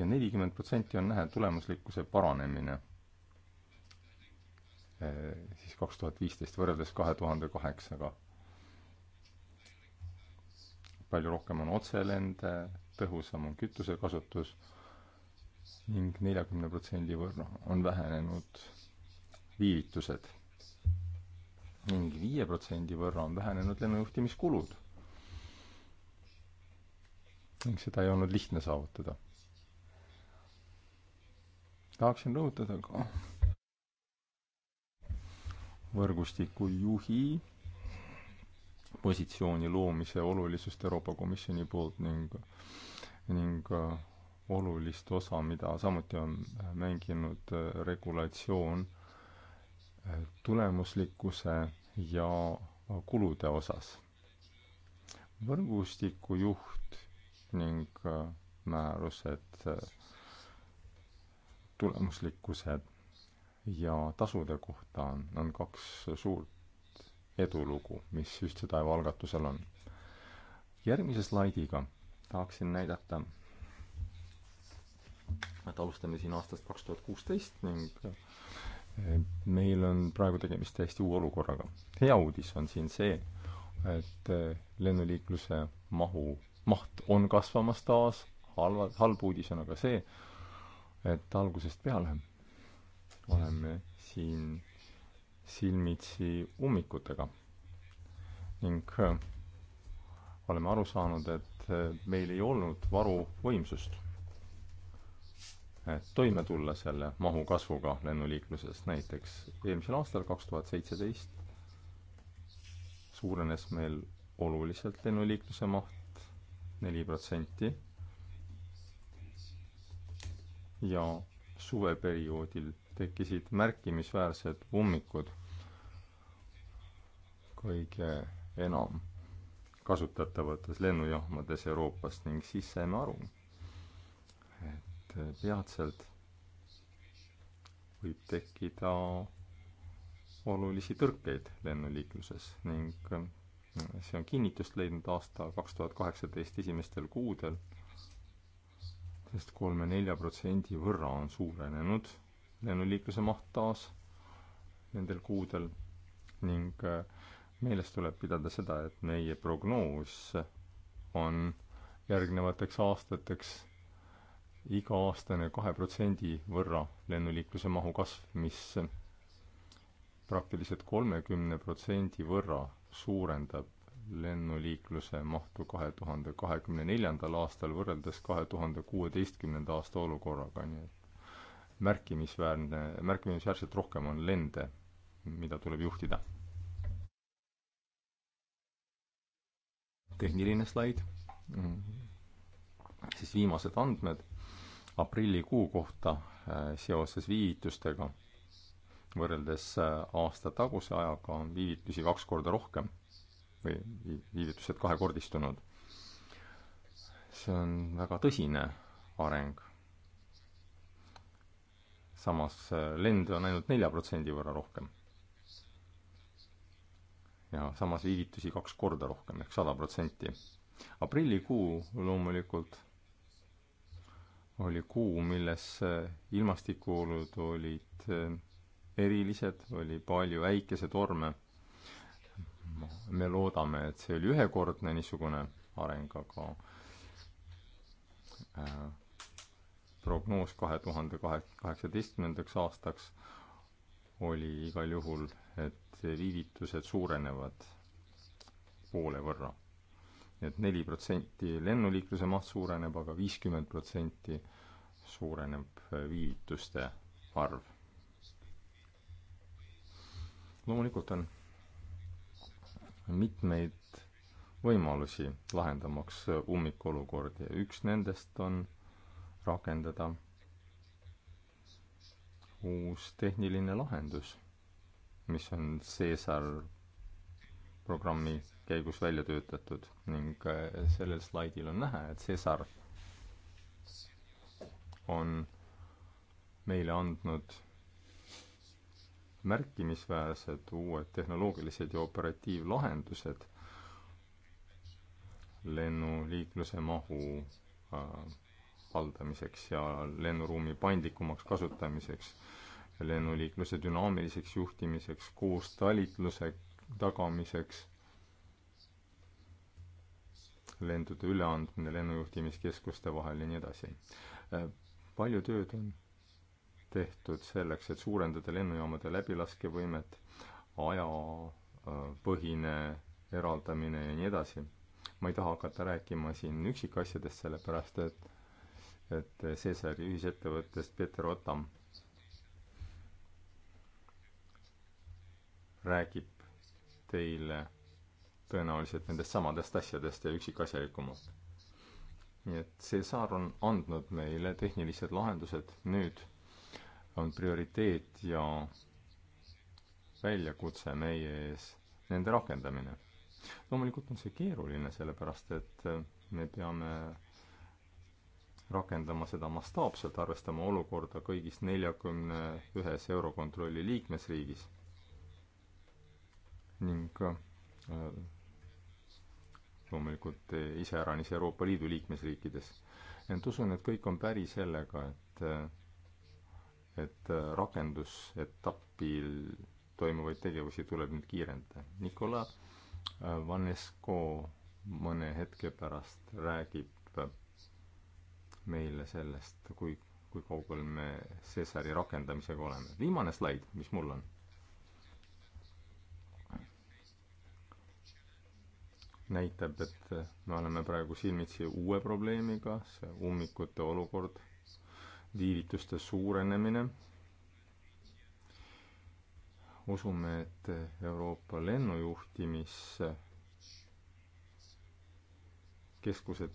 ja nelikümmend protsenti on näha tulemuslikkuse paranemine äh, siis kaks tuhat viisteist võrreldes kahe tuhande kaheksaga. palju rohkem on otselende, tõhusam on kütusekasutus ning neljakümne protsendi võrra on vähenenud viivitused ning viie protsendi võrra on vähenenud lennujuhtimiskulud. ning seda ei olnud lihtne saavutada. tahaksin rõhutada ka võrgustiku juhi positsiooni loomise olulisust Euroopa Komisjoni poolt ning, ning äh, olulist osa, mida samuti on mänginud äh, regulatsioon äh, tulemuslikkuse ja kulude osas. võrgustiku juht ning äh, määrused äh, tulemuslikkuse ja tasude kohta on, on kaks suurt edulugu, mis Ühtse Taeva algatusel on. järgmise slaidiga tahaksin näidata, et alustame siin aastast kaks tuhat kuusteist ning meil on praegu tegemist täiesti uue olukorraga. hea uudis on siin see, et eh, lennuliikluse mahu, maht on kasvamas taas, halva, halb uudis on aga see, et algusest peale oleme siin silmitsi ummikutega ning eh, oleme aru saanud, et eh, meil ei olnud varuvõimsust et toime tulla selle mahu kasvuga lennuliikluses. näiteks eelmisel aastal, kaks tuhat seitseteist, suurenes meil oluliselt lennuliikluse maht neli protsenti ja suveperioodil tekkisid märkimisväärsed ummikud kõige enam kasutatavates lennujaamades Euroopas ning siis saime aru, et peatselt võib tekkida olulisi tõrkeid lennuliikluses ning mm, see on kinnitust leidnud aasta kaks tuhat kaheksateist esimestel kuudel, sest kolme-nelja protsendi võrra on suurenenud lennuliikluse maht taas nendel kuudel ning meeles tuleb pidada seda, et meie prognoos on järgnevateks aastateks iga-aastane kahe protsendi võrra lennuliikluse mahu kasv, mis praktiliselt kolmekümne protsendi võrra suurendab lennuliikluse mahtu kahe tuhande kahekümne neljandal aastal võrreldes kahe tuhande kuueteistkümnenda aasta olukorraga, nii et märkimisväärne, märkimisväärselt rohkem on lende, mida tuleb juhtida. tehniline slaid, siis viimased andmed aprillikuu kohta äh, seoses viivitustega. võrreldes äh, aasta taguse ajaga on viivitusi kaks korda rohkem või viivitused kahekordistunud. see on väga tõsine areng. samas äh, lende on ainult nelja protsendi võrra rohkem. ja samas viivitusi kaks korda rohkem ehk sada protsenti. aprillikuu loomulikult oli kuu, milles eh, ilmastikuolud olid eh, erilised, oli palju äikesetorme. me loodame, et see oli ühekordne niisugune areng, aga eh, prognoos kahe tuhande kaheksateistkümnendaks aastaks oli igal juhul, et viivitused suurenevad poole võrra et neli protsenti lennuliikluse maht suureneb aga, aga viiskümmend protsenti suureneb äh, viivituste arv. loomulikult on mitmeid võimalusi lahendamaks äh, ummikolukordi ja üks nendest on rakendada uus tehniline lahendus, mis on Caesar programmi käigus välja töötatud ning äh, sellel slaidil on näha, et Cesar on meile andnud märkimisväärsed uued tehnoloogilised ja operatiivlahendused lennuliikluse mahu äh, haldamiseks ja lennuruumi paindlikumaks kasutamiseks, lennuliikluse dünaamiliseks juhtimiseks, koostalitluseks, tagamiseks lendude üleandmine lennujuhtimiskeskuste vahel ja nii edasi. Äh, palju tööd on tehtud selleks, et suurendada lennujaamade läbilaskevõimet, ajapõhine eraldamine ja nii edasi. ma ei taha hakata rääkima siin üksikasjadest, sellepärast et, et Cesari ühisettevõttest Peeter Otam räägib teile tõenäoliselt nendest samadest asjadest ja üksikasjalikumalt. nii et see saar on andnud meile tehnilised lahendused, nüüd on prioriteet ja väljakutse meie ees nende rakendamine. loomulikult on see keeruline, sellepärast et me peame rakendama seda mastaapselt, arvestama olukorda kõigis neljakümne ühes Eurokontrolli liikmesriigis ning äh, loomulikult eh, iseäranis Euroopa Liidu liikmesriikides. ent usun, et kõik on päri sellega, et äh, et äh, rakendusetapil toimuvaid tegevusi tuleb nüüd kiirendada. Nicolas Vanesco mõne hetke pärast räägib meile sellest, kui, kui kaugel me Cesari rakendamisega oleme. viimane slaid, mis mul on näitab, et me oleme praegu silmitsi uue probleemiga, see ummikute olukord, viivituste suurenemine. usume, et Euroopa lennujuhtimiskeskused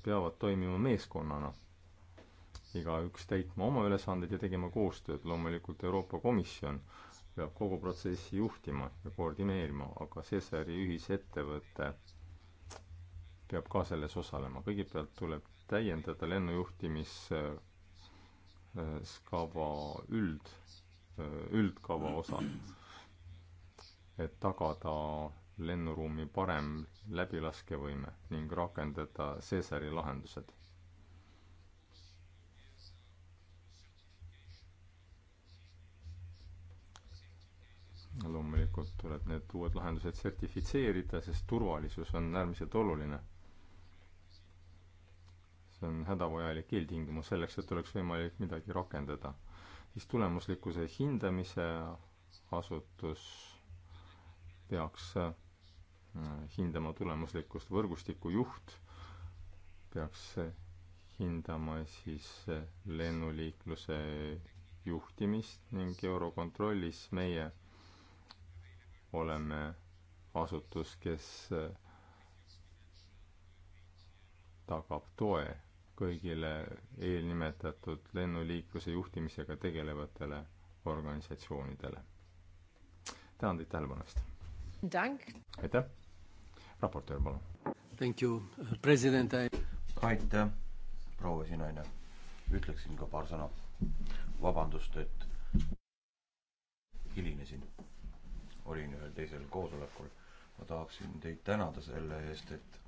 peavad toimima meeskonnana, igaüks täitma oma ülesandeid ja tegema koostööd, loomulikult Euroopa Komisjon peab kogu protsessi juhtima ja koordineerima, aga Cesari ühisettevõte et peab ka selles osalema. kõigepealt tuleb täiendada lennujuhtimiskava üld, üldkava osa, et tagada lennuruumi parem läbilaskevõime ning rakendada Caesari lahendused. loomulikult tuleb need uued lahendused sertifitseerida, sest turvalisus on äärmiselt oluline see on hädavajalik eeltingimus selleks, et oleks võimalik midagi rakendada. siis tulemuslikkuse hindamise asutus peaks äh, hindama tulemuslikkust, võrgustiku juht peaks hindama siis äh, lennuliikluse juhtimist ning Eurokontrollis meie oleme asutus, kes äh, tagab toe kõigile eelnimetatud lennuliikluse juhtimisega tegelevatele organisatsioonidele. tänan teid tähelepanu eest! aitäh! raportöör, palun! Thank you, president I...! aitäh, proua esinaine! ütleksin ka paar sõna. vabandust, et hilinesin. olin ühel teisel koosolekul. ma tahaksin teid tänada selle eest, et,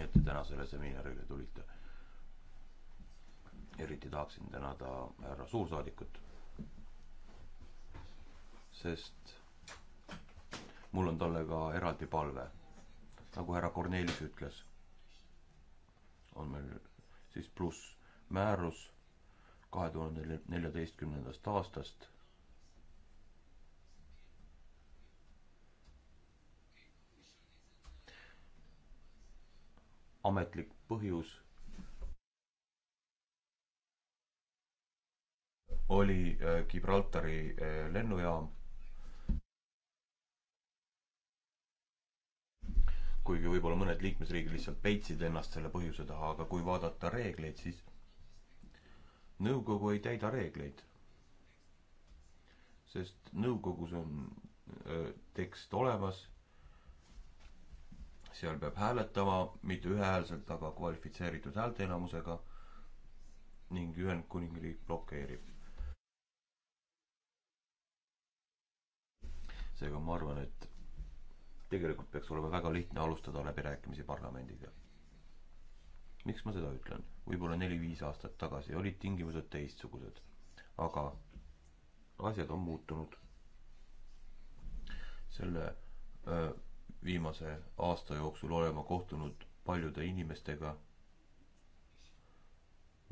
et te täna sellele seminarile tulite eriti tahaksin tänada härra suursaadikut, sest mul on talle ka eraldi palve. nagu härra Kornelis ütles, on meil siis pluss määrus kahe tuhande neljateistkümnendast aastast. ametlik põhjus oli äh, Gibraltari äh, lennujaam. kuigi võib-olla mõned liikmesriigid lihtsalt peitsid ennast selle põhjuse taha, aga kui vaadata reegleid, siis nõukogu ei täida reegleid. sest nõukogus on öö, äh, tekst olemas, seal peab hääletama, mitte ühehäälselt, aga kvalifitseeritud häälteenamusega ning Ühendkuningriik blokeerib seega ma arvan, et tegelikult peaks olema väga lihtne alustada läbirääkimisi parlamendiga. miks ma seda ütlen? võib-olla neli-viis aastat tagasi olid tingimused teistsugused, aga asjad on muutunud. selle öö, viimase aasta jooksul olema kohtunud paljude inimestega,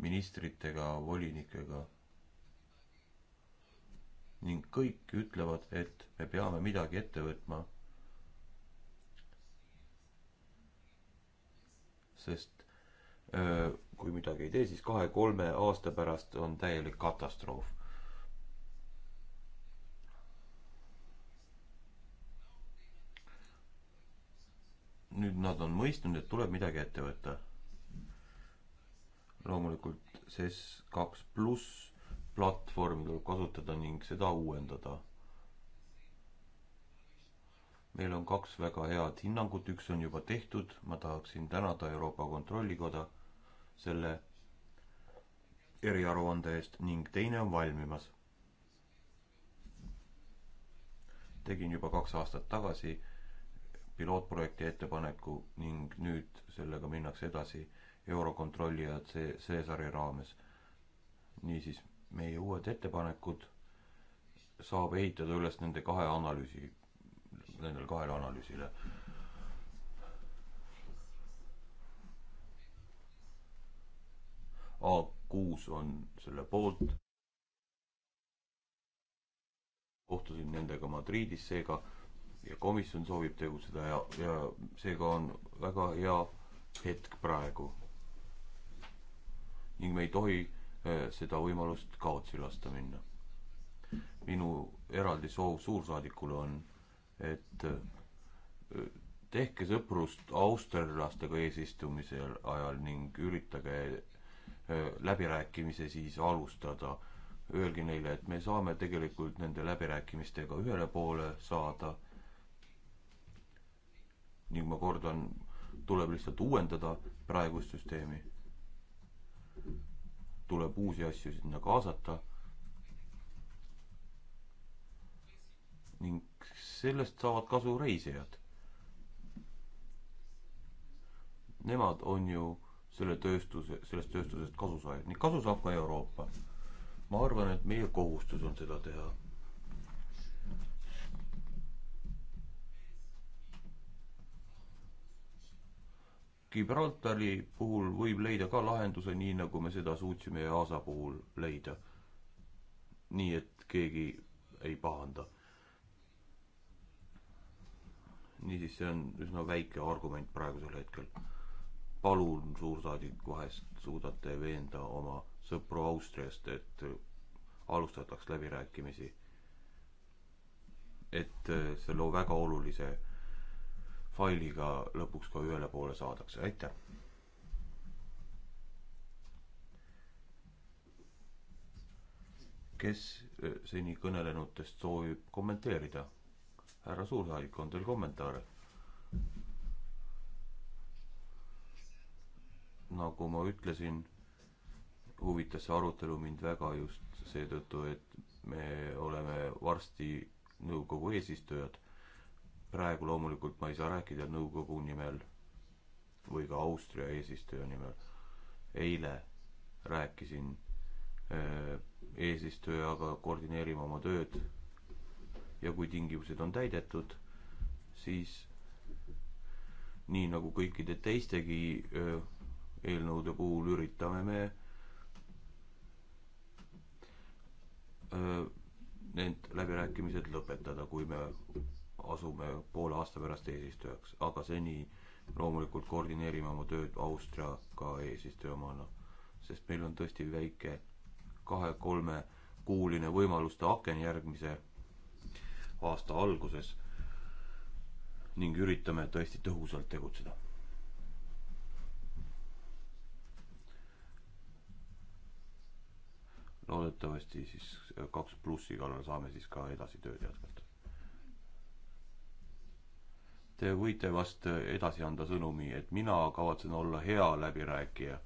ministritega, volinikega ning kõik ütlevad, et me peame midagi ette võtma. sest öö, kui midagi ei tee, siis kahe-kolme aasta pärast on täielik katastroof. nüüd nad on mõistnud, et tuleb midagi ette võtta. loomulikult SES kaks pluss platvormi tuleb kasutada ning seda uuendada. meil on kaks väga head hinnangut, üks on juba tehtud, ma tahaksin tänada Euroopa Kontrollikoda selle eriaruande eest ning teine on valmimas. tegin juba kaks aastat tagasi pilootprojekti ettepaneku ning nüüd sellega minnakse edasi Eurokontrolli ja C-, C-sari raames. niisiis meie uued ettepanekud saab ehitada üles nende kahe analüüsi, nendele kahele analüüsile. A kuus on selle poolt. kohtusin nendega Madridis seega ja komisjon soovib tegutseda ja, ja seega on väga hea hetk praegu. ning me ei tohi Eh, seda võimalust kaotsi lasta minna. minu eraldi soov suursaadikule on, et eh, tehke sõprust austerlastega eesistumisel ajal ning üritage eh, läbirääkimisi siis alustada. Öelge neile, et me saame tegelikult nende läbirääkimistega ühele poole saada. ning ma kordan, tuleb lihtsalt uuendada praegust süsteemi tuleb uusi asju sinna kaasata. ning sellest saavad kasu reisijad. Nemad on ju selle tööstuse, sellest tööstusest kasusaajad ning kasu saab ka Euroopa. ma arvan, et meie kohustus on seda teha Gibraltari puhul võib leida ka lahenduse, nii nagu me seda suutsime EASA puhul leida. nii et keegi ei pahanda. niisiis, see on üsna väike argument praegusel hetkel. palun, suursaadik, vahest suudate veenda oma sõpru Austriast, et alustataks läbirääkimisi. et selle väga olulise failiga lõpuks ka ühele poole saadakse, aitäh! kes eh, seni kõnelenutest soovib kommenteerida? härra Suursaadik, on teil kommentaare? nagu ma ütlesin, huvitas see arutelu mind väga just seetõttu, et me oleme varsti nõukogu eesistujad praegu loomulikult ma ei saa rääkida nõukogu nimel või ka Austria eesistuja nimel. eile rääkisin äh, eesistujaga, koordineerime oma tööd ja kui tingimused on täidetud, siis nii nagu kõikide teistegi äh, eelnõude puhul üritame me äh, need läbirääkimised lõpetada, kui me asume poole aasta pärast eesistujaks, aga seni loomulikult koordineerime oma tööd Austriaga eesistuja omana, sest meil on tõesti väike kahe-kolmekuuline võimaluste aken järgmise aasta alguses ning üritame tõesti tõhusalt tegutseda. loodetavasti siis kaks plussi kallal saame siis ka edasi tööd jätkata. Te võite vast edasi anda sõnumi, et mina kavatsen olla hea läbirääkija.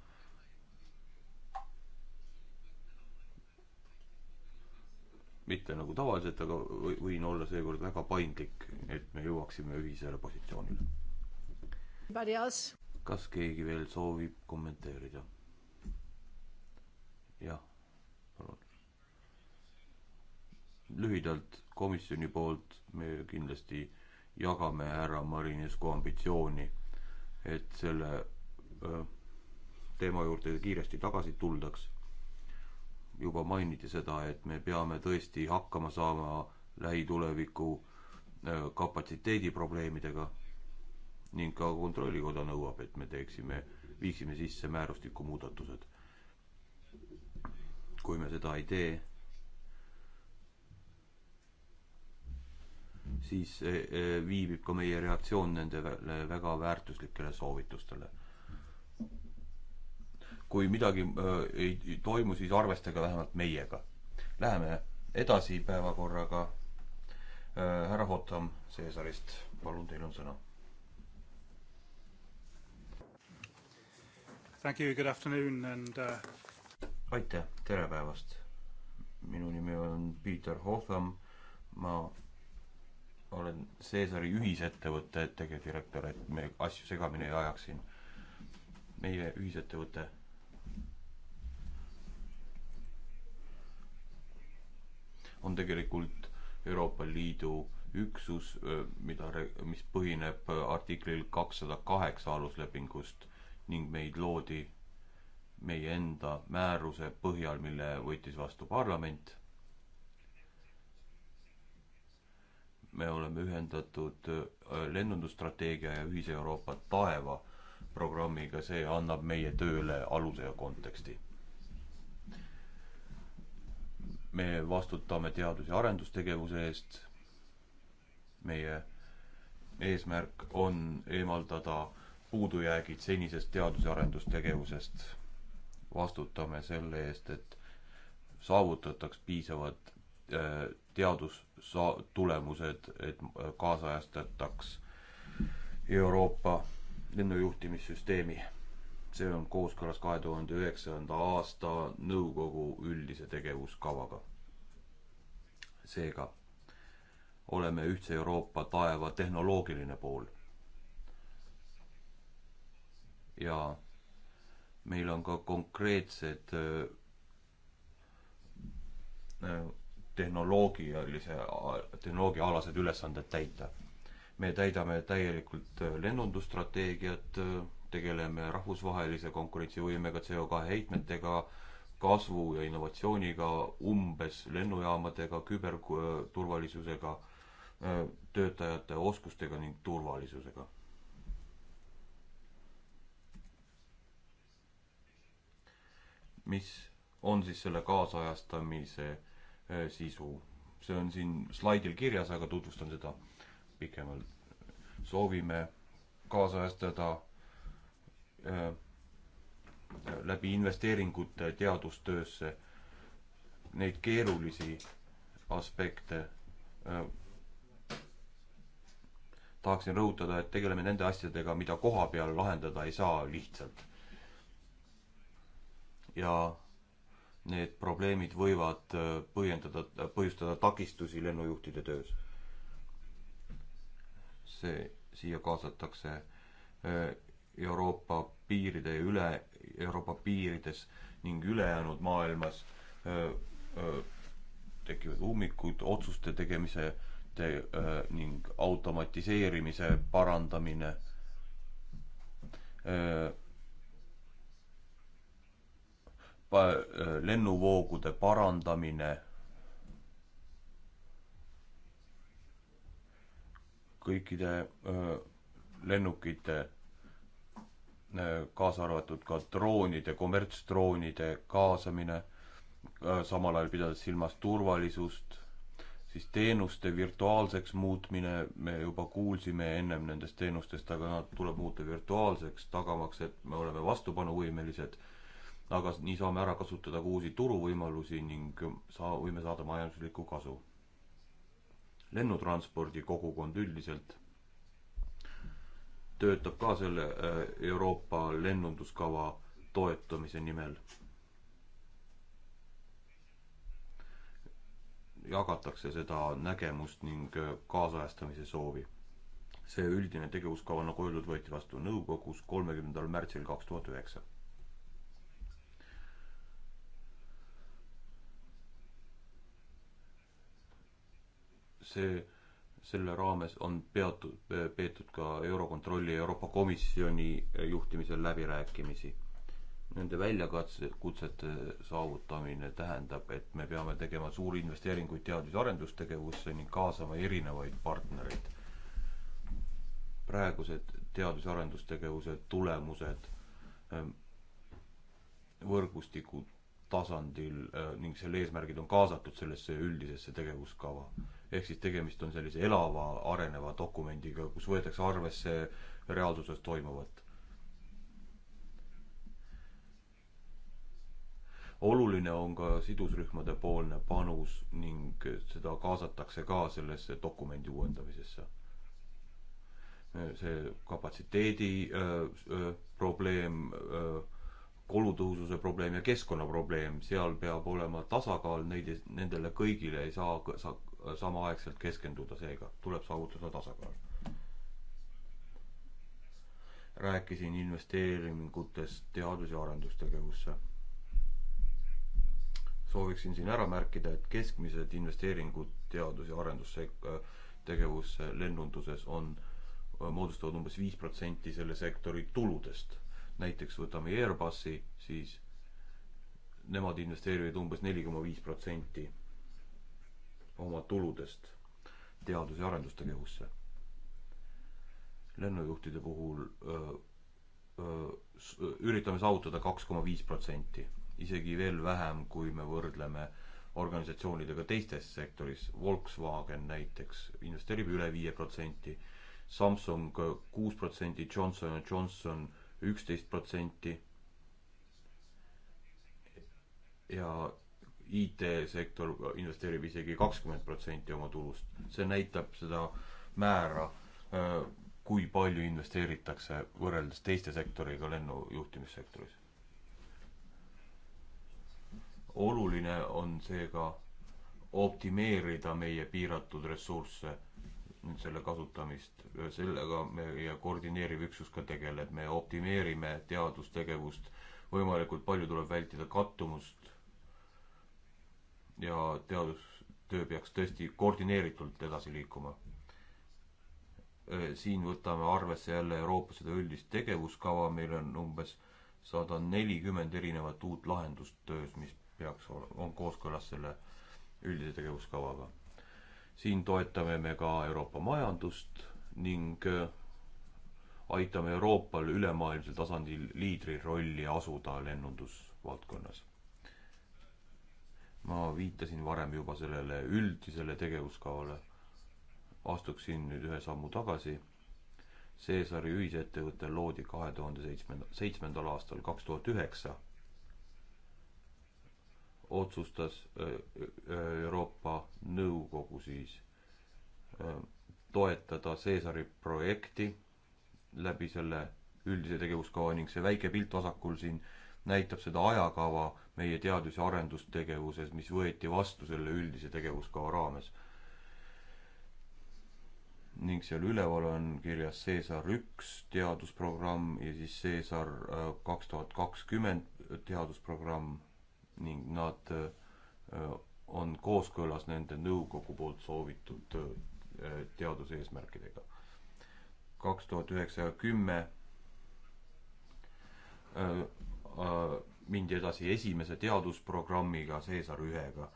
mitte nagu tavaliselt, aga võin olla seekord väga paindlik, et me jõuaksime ühisele positsioonile. kas keegi veel soovib kommenteerida? jah, palun. lühidalt komisjoni poolt me kindlasti jagame härra Marinescu ambitsiooni, et selle teema juurde kiiresti tagasi tuldaks. juba mainiti seda, et me peame tõesti hakkama saama lähituleviku kapatsiteediprobleemidega ning ka Kontrollikoda nõuab, et me teeksime, viiksime sisse määrustiku muudatused. kui me seda ei tee, siis eh, eh, viibib ka meie reaktsioon nendele väga väärtuslikele soovitustele. kui midagi eh, ei toimu, siis arvestage vähemalt meiega. Läheme edasi päevakorraga. härra Hotam Seesarist, palun, teil on sõna. Thank you, good afternoon and uh... aitäh, tere päevast! minu nimi on Peter Hotham, ma olen Seesari ühisettevõtte tegevdirektor, et me asju segamini ei ajaks siin. meie ühisettevõte on tegelikult Euroopa Liidu üksus, mida, mis põhineb artiklil kakssada kaheksa aluslepingust ning meid loodi meie enda määruse põhjal, mille võttis vastu parlament me oleme ühendatud äh, lennundusstrateegia ja ühise Euroopa taeva programmiga, see annab meie tööle aluse ja konteksti. me vastutame teadus- ja arendustegevuse eest. meie eesmärk on eemaldada puudujäägid senisest teadus- ja arendustegevusest. vastutame selle eest, et saavutataks piisavad teadustulemused, et äh, kaasajastataks Euroopa lennujuhtimissüsteemi. see on kooskõlas kahe tuhande üheksanda aasta nõukogu üldise tegevuskavaga. seega oleme ühtse Euroopa taeva tehnoloogiline pool. ja meil on ka konkreetsed öö, äh, öö, äh, tehnoloogilise, tehnoloogiaalased ülesanded täita. me täidame täielikult äh, lennundusstrateegiat, äh, tegeleme rahvusvahelise konkurentsivõimega, CO2 heitmetega, kasvu ja innovatsiooniga, umbes lennujaamadega, küberturvalisusega, äh, töötajate oskustega ning turvalisusega mis on siis selle kaasajastamise Äh, sisu. see on siin slaidil kirjas, aga tutvustan seda pikemalt. soovime kaasajastada äh, läbi investeeringute teadustöösse neid keerulisi aspekte. Äh, tahaksin rõhutada, et tegeleme nende asjadega, mida koha peal lahendada ei saa lihtsalt. ja need probleemid võivad äh, põhjendada, põhjustada takistusi lennujuhtide töös. see, siia kaasatakse äh, Euroopa piiride ja üle, Euroopa piirides ning ülejäänud maailmas äh, tekivad ummikud, otsuste tegemise te, ning automatiseerimise parandamine Äh, lennuvoogude parandamine, kõikide äh, lennukite, äh, kaasa arvatud ka droonide, kommertsdroonide kaasamine, samal ajal pidades silmas turvalisust, siis teenuste virtuaalseks muutmine, me juba kuulsime ennem nendest teenustest, aga nad tuleb muuta virtuaalseks, tagamaks, et me oleme vastupanuvõimelised aga nii saame ära kasutada ka uusi turuvõimalusi ning saa-, võime saada majanduslikku kasu. lennutranspordi kogukond üldiselt töötab ka selle äh, Euroopa lennunduskava toetamise nimel. jagatakse seda nägemust ning äh, kaasajastamise soovi. see üldine tegevuskava, nagu öeldud, võeti vastu nõukogus kolmekümnendal märtsil kaks tuhat üheksa see, selle raames on peatud, peetud ka Eurokontrolli ja Euroopa Komisjoni juhtimisel läbirääkimisi. Nende väljakutsete saavutamine tähendab, et me peame tegema suuri investeeringuid teadus- ja arendustegevusse ning kaasama erinevaid partnereid. praegused teadus- ja arendustegevuse tulemused ähm, võrgustiku tasandil äh, ning selle eesmärgid on kaasatud sellesse üldisesse tegevuskava ehk siis tegemist on sellise elava, areneva dokumendiga, kus võetakse arvesse reaalsuses toimuvat. oluline on ka sidusrühmade poolne panus ning seda kaasatakse ka sellesse dokumendi uuendamisesse. see kapatsiteedi öö, äh, öö, äh, probleem öö, äh, kulutõhususe probleem ja keskkonnaprobleem, seal peab olema tasakaal, neid, nendele kõigile ei saa, saa samaaegselt keskenduda, seega tuleb saavutada tasakaal. rääkisin investeeringutest teadus- ja arendustegevusse. sooviksin siin ära märkida, et keskmised investeeringud teadus- ja arendustegevusse lennunduses on, äh, moodustavad umbes viis protsenti selle sektori tuludest. näiteks võtame Airbusi, siis nemad investeerivad umbes neli koma viis protsenti oma tuludest teadus- ja arendustegevusse. lennujuhtide puhul öö, öö, üritame saavutada kaks koma viis protsenti, isegi veel vähem, kui me võrdleme organisatsioonidega teistes sektoris, Volkswagen näiteks investeerib üle viie protsenti, Samsung kuus protsenti, Johnson Johnson üksteist protsenti ja IT-sektor investeerib isegi kakskümmend protsenti oma tulust. see näitab seda määra, äh, kui palju investeeritakse võrreldes teiste sektoriga lennujuhtimissektoris. oluline on seega optimeerida meie piiratud ressursse, selle kasutamist, sellega meie koordineeriv üksus ka tegeleb, me optimeerime teadustegevust, võimalikult palju tuleb vältida kattumust ja teadustöö peaks tõesti koordineeritult edasi liikuma. Äh, siin võtame arvesse jälle Euroopa seda üldist tegevuskava, meil on umbes sada nelikümmend erinevat uut lahendust töös, mis peaks, on kooskõlas selle üldise tegevuskavaga. siin toetame me ka Euroopa majandust ning äh, aitame Euroopal ülemaailmsel tasandil liidrirolli asuda lennundusvaldkonnas ma viitasin varem juba sellele üldisele tegevuskavale. astuksin nüüd ühe sammu tagasi. Seesari ühisettevõte loodi kahe tuhande seitsmenda, seitsmendal aastal, kaks tuhat üheksa. otsustas Euroopa Nõukogu siis toetada Seesari projekti läbi selle üldise tegevuskava ning see väike pilt vasakul siin äh, näitab seda ajakava meie teadus- ja arendustegevuses, mis võeti vastu selle üldise tegevuskava raames. ning seal üleval on kirjas Caesar üks teadusprogramm ja siis Caesar äh, kaks tuhat kakskümmend teadusprogramm ning nad äh, on kooskõlas nende nõukogu poolt soovitud äh, teaduse eesmärkidega. kaks tuhat üheksa ja kümme Äh, mindi edasi esimese teadusprogrammiga, Seesar ühega.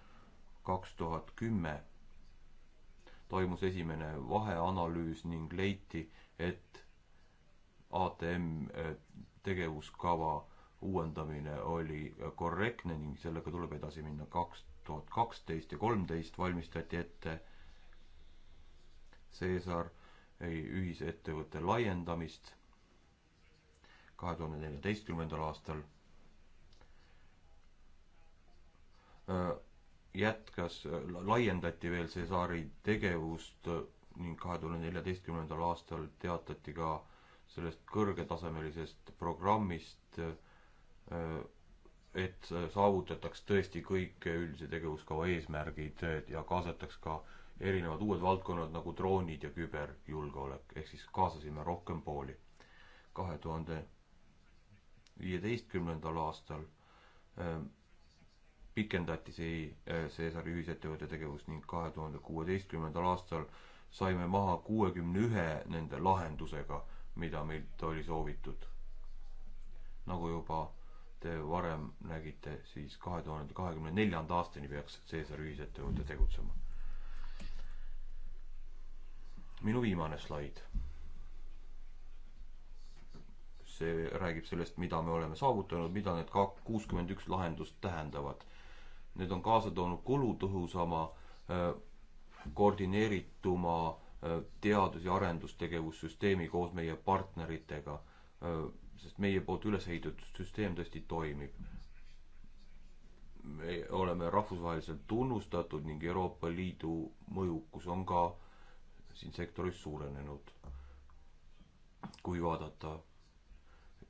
kaks tuhat kümme toimus esimene vaheanalüüs ning leiti, et ATM äh, tegevuskava uuendamine oli korrektne ning sellega tuleb edasi minna. kaks tuhat kaksteist ja kolmteist valmistati ette Seesar ühisettevõtte laiendamist kahe tuhande neljateistkümnendal aastal Äh, jätkas, äh, laiendati veel Cesari tegevust äh, ning kahe tuhande neljateistkümnendal aastal teatati ka sellest kõrgetasemelisest programmist, et saavutataks tõesti kõik üldise tegevuskava eesmärgid ja kaasataks ka erinevad uued valdkonnad nagu droonid ja küberjulgeolek, ehk siis kaasasime rohkem pooli. kahe tuhande viieteistkümnendal aastal pikendati see äh, Cäsari ühisettevõtte tegevust ning kahe tuhande kuueteistkümnendal aastal saime maha kuuekümne ühe nende lahendusega, mida meilt oli soovitud. nagu juba te varem nägite, siis kahe tuhande kahekümne neljanda aastani peaks Cäsari ühisettevõte tegutsema. minu viimane slaid. see räägib sellest, mida me oleme saavutanud, mida need ka kuuskümmend üks lahendust tähendavad Need on kaasa toonud kulutõhusama, äh, koordineerituma äh, teadus- ja arendustegevussüsteemi koos meie partneritega, äh, sest meie poolt üles ehitatud süsteem tõesti toimib. me oleme rahvusvaheliselt tunnustatud ning Euroopa Liidu mõjukus on ka siin sektoris suurenenud. kui vaadata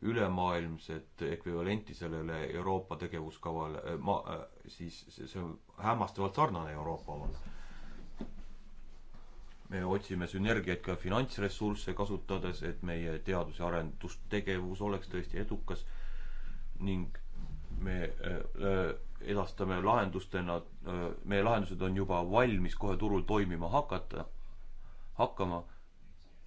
ülemaailmset ekvivalenti sellele Euroopa tegevuskavale, äh, ma, äh, siis see on hämmastavalt sarnane Euroopa omale. me otsime sünergiat ka finantsressursse kasutades, et meie teadus- ja arendustegevus oleks tõesti edukas ning me äh, edastame lahendustena, meie lahendused on juba valmis kohe turul toimima hakata, hakkama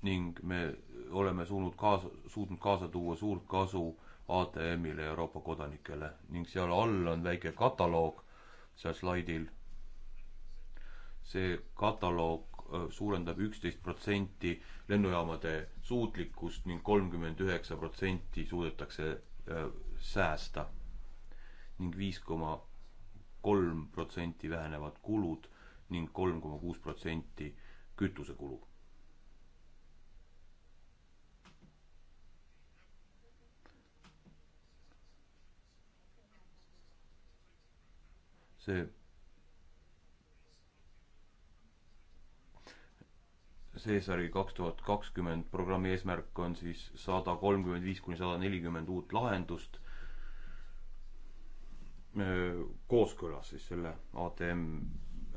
ning me oleme suunud kaasa, suutnud kaasa tuua suurt kasu ATM-ile Euroopa kodanikele ning seal all on väike kataloog seal slaidil. see kataloog äh, suurendab üksteist protsenti lennujaamade suutlikkust ning kolmkümmend üheksa protsenti suudetakse äh, säästa ning viis koma kolm protsenti vähenevad kulud ning kolm koma kuus protsenti kütusekulu see Seesari kaks tuhat kakskümmend programmi eesmärk on siis sada kolmkümmend viis kuni sada nelikümmend uut lahendust äh, kooskõlas siis selle ATM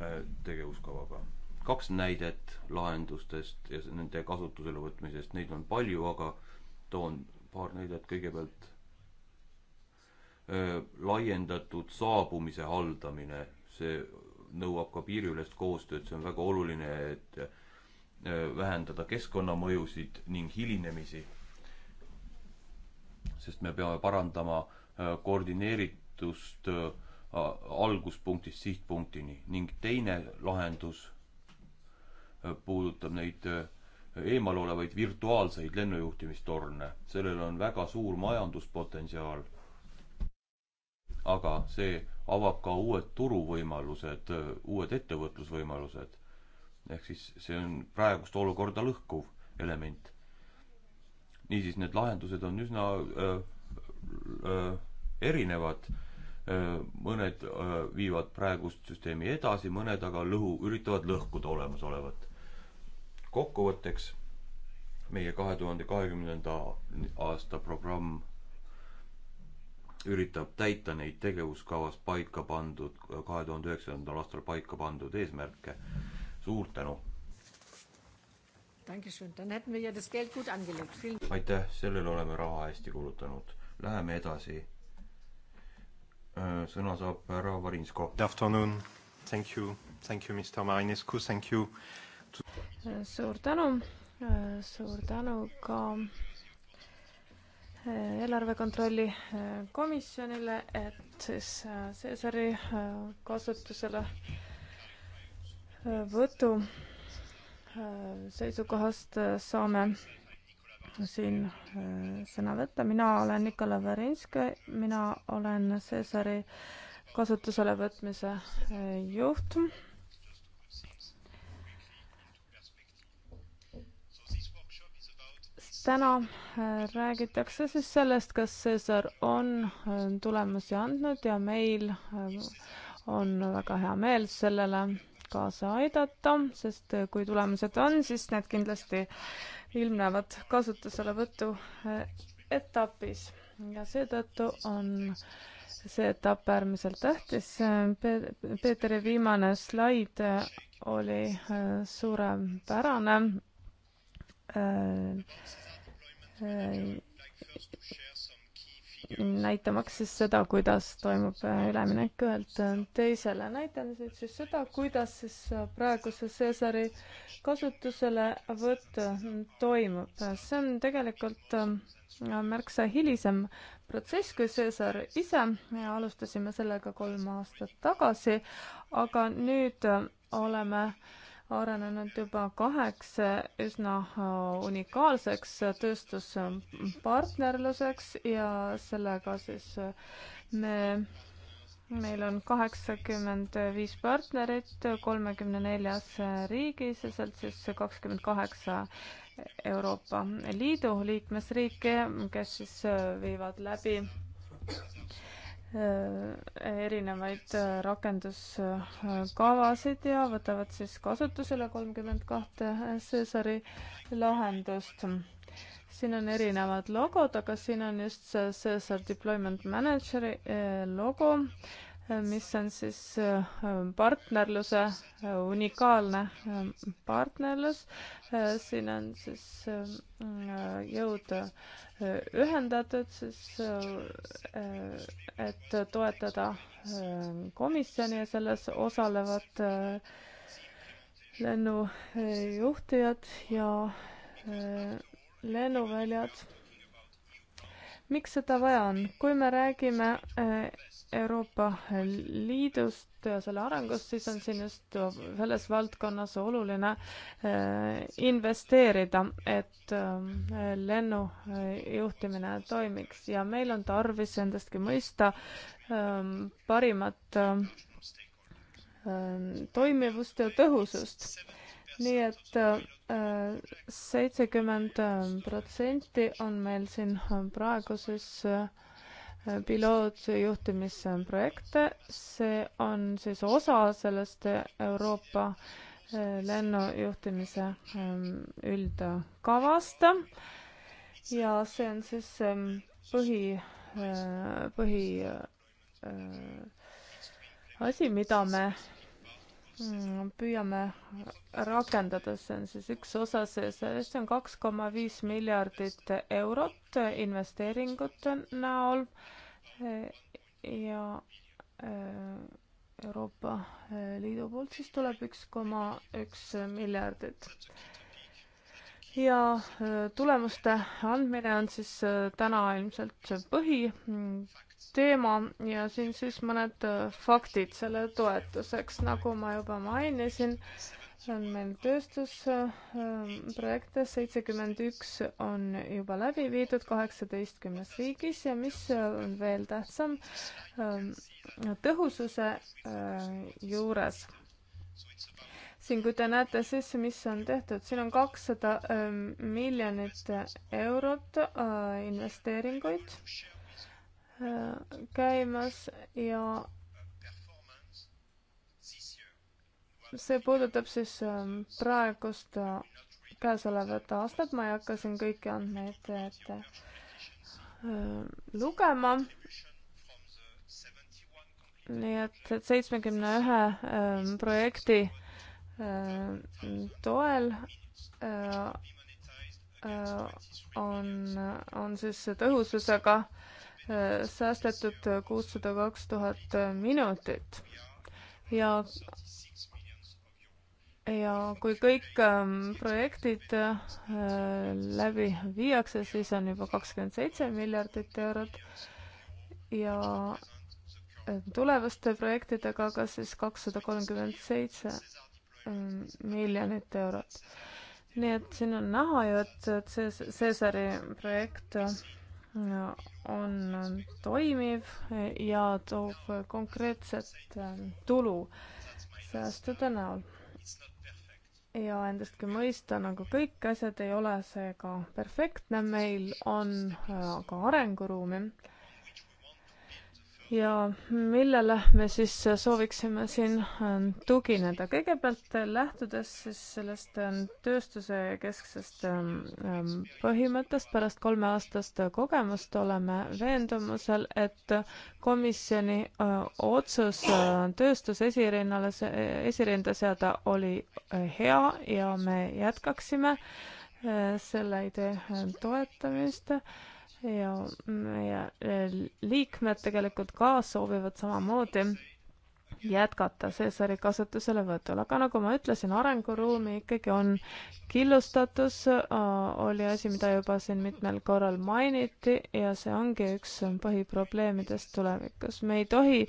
äh, tegevuskavaga. kaks näidet lahendustest ja nende kasutusele võtmisest, neid on palju, aga toon paar näidet kõigepealt laiendatud saabumise haldamine, see nõuab ka piiriülest koostööd, see on väga oluline, et vähendada keskkonnamõjusid ning hilinemisi. sest me peame parandama koordineeritust alguspunktist sihtpunktini ning teine lahendus puudutab neid eemal olevaid virtuaalseid lennujuhtimistorne. sellel on väga suur majanduspotentsiaal aga see avab ka uued turuvõimalused, uued ettevõtlusvõimalused. ehk siis see on praegust olukorda lõhkuv element. niisiis, need lahendused on üsna öö, äh, öö, äh, erinevad, äh, mõned öö, viivad praegust süsteemi edasi, mõned aga lõhu, üritavad lõhkuda olemasolevat. kokkuvõtteks, meie kahe tuhande kahekümnenda aasta programm üritab täita neid tegevuskavas paika pandud, kahe tuhande üheksandal aastal paika pandud eesmärke. suur tänu! aitäh, sellele oleme raha hästi kulutanud. Läheme edasi. Äh, sõna saab härra Varinsko. Good afternoon, thank you, thank you, Mr Marinescu, thank you to.... Äh, suur tänu, äh, suur tänu ka Eh, eelarve kontrolli eh, komisjonile, et siis eh, Cäsari kasutusele võtu seisukohast saame siin sõna võtta. mina olen Nikolai Varinski, mina olen Cäsari kasutusele võtmise juht täna äh, räägitakse siis sellest, kas Cesar on äh, tulemusi andnud ja meil äh, on väga hea meel sellele kaasa aidata, sest kui tulemused on, siis need kindlasti ilmnevad kasutuselevõtu etapis ja seetõttu on see etapp äärmiselt tähtis Pe. Peeteri viimane slaid oli suurepärane Äh, näitamaks siis seda, kuidas toimub äh, üleminek ühelt äh, teisele. näitan nüüd siis seda, kuidas siis praeguse Caesari kasutuselevõtt toimub. see on tegelikult märksa hilisem protsess kui Caesar ise. me alustasime sellega kolm aastat tagasi, aga nüüd oleme äh, arenenud juba kaheks üsna äh, unikaalseks tööstuspartnerluseks ja sellega siis äh, me, meil on kaheksakümmend viis partnerit kolmekümne neljas riigis ja sealt siis kakskümmend kaheksa Euroopa Liidu liikmesriike, kes siis äh, viivad läbi Äh, erinevaid äh, rakenduskavasid ja võtavad siis kasutusele kolmkümmend kahte Cäsari lahendust. siin on erinevad logod, aga siin on just see Cäsar Deployment Manageri äh, logo, mis on siis äh, partnerluse äh, unikaalne äh, partnerlus. siin on siis jõud ühendatud siis, et toetada komisjoni ja selles osalevad lennujuhtijad ja lennuväljad miks seda vaja on? kui me räägime äh, Euroopa Liidust ja selle arengust, siis on siin just selles valdkonnas oluline äh, investeerida, et äh, lennu juhtimine toimiks ja meil on tarvis endastki mõista ähm, parimat toimivust ja tõhusust nii et äh, seitsekümmend protsenti on meil siin praeguses äh, pilootjuhtimisprojekte, see on siis osa sellest Euroopa äh, lennujuhtimise ähm, üldkavast ja see on siis ähm, põhi, põhi asi, mida me Mm, püüame rakendada, see on siis üks osa, see, see on kaks koma viis miljardit eurot investeeringute näol ja äh, Euroopa äh, Liidu poolt siis tuleb üks koma üks miljardit. ja äh, tulemuste andmine on siis täna ilmselt põhi mm, teema ja siin siis mõned äh, faktid selle toetuseks, nagu ma juba mainisin, on meil tööstusprojekte, seitsekümmend üks on juba läbi viidud kaheksateistkümnes riigis ja mis on veel tähtsam, ähm, tõhususe äh, juures. siin, kui te näete siis, mis on tehtud, siin on kakssada ähm, miljonit eurot äh, investeeringuid käimas ja see puudutab siis ähm, praegust äh, käesolevat aastat, ma ei hakka siin kõiki andmeid ette äh, lugema. nii et, et seitsmekümne ühe ähm, projekti ähm, toel äh, on, on siis tõhususega äh, säästetud kuussada kaks tuhat minutit ja ja kui kõik ähm, projektid äh, läbi viiakse, siis on juba kakskümmend seitse miljardit eurot ja äh, tulevaste projektidega ka siis kakssada kolmkümmend seitse ähm, miljonit eurot. nii et siin on näha ju, et, et see Cäsari projekt äh, on toimiv ja toob konkreetset ähm, tulu säästude näol. ja endast ka mõista, nagu kõik asjad ei ole seega perfektne, meil on ka äh, arenguruumi ja millele me siis sooviksime siin ähm, tugineda? kõigepealt äh, lähtudes siis sellest ähm, tööstuse kesksest ähm, põhimõttest, pärast kolmeaastast äh, kogemust oleme veendumusel, et komisjoni äh, otsus tööstus esirinnale, esirinda seada oli hea ja me jätkaksime selle idee toetamist ja meie äh, liikmed tegelikult ka soovivad samamoodi jätkata seesari kasutuselevõtul, aga nagu ma ütlesin, arenguruumi ikkagi on. killustatus äh, oli asi, mida juba siin mitmel korral mainiti ja see ongi üks põhiprobleemidest tulevikus. me ei tohi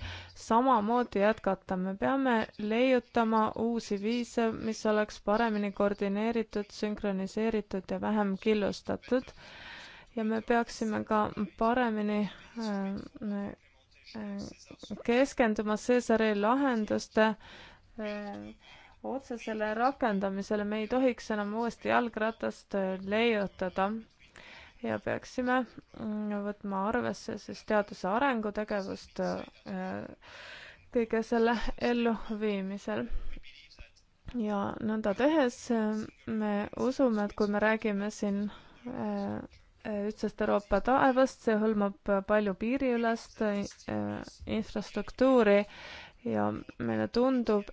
samamoodi jätkata, me peame leiutama uusi viise, mis oleks paremini koordineeritud, sünkroniseeritud ja vähem killustatud ja me peaksime ka paremini äh, äh, keskenduma Cäsari lahenduste äh, otsesele rakendamisele, me ei tohiks enam uuesti jalgratast leiutada ja peaksime mm, võtma arvesse siis teaduse arengutegevust kõige selle elluviimisel. ja nõnda tehes me usume, et kui me räägime siin ühtsest Euroopa taevast, see hõlmab palju piiriülest äh, infrastruktuuri ja meile tundub,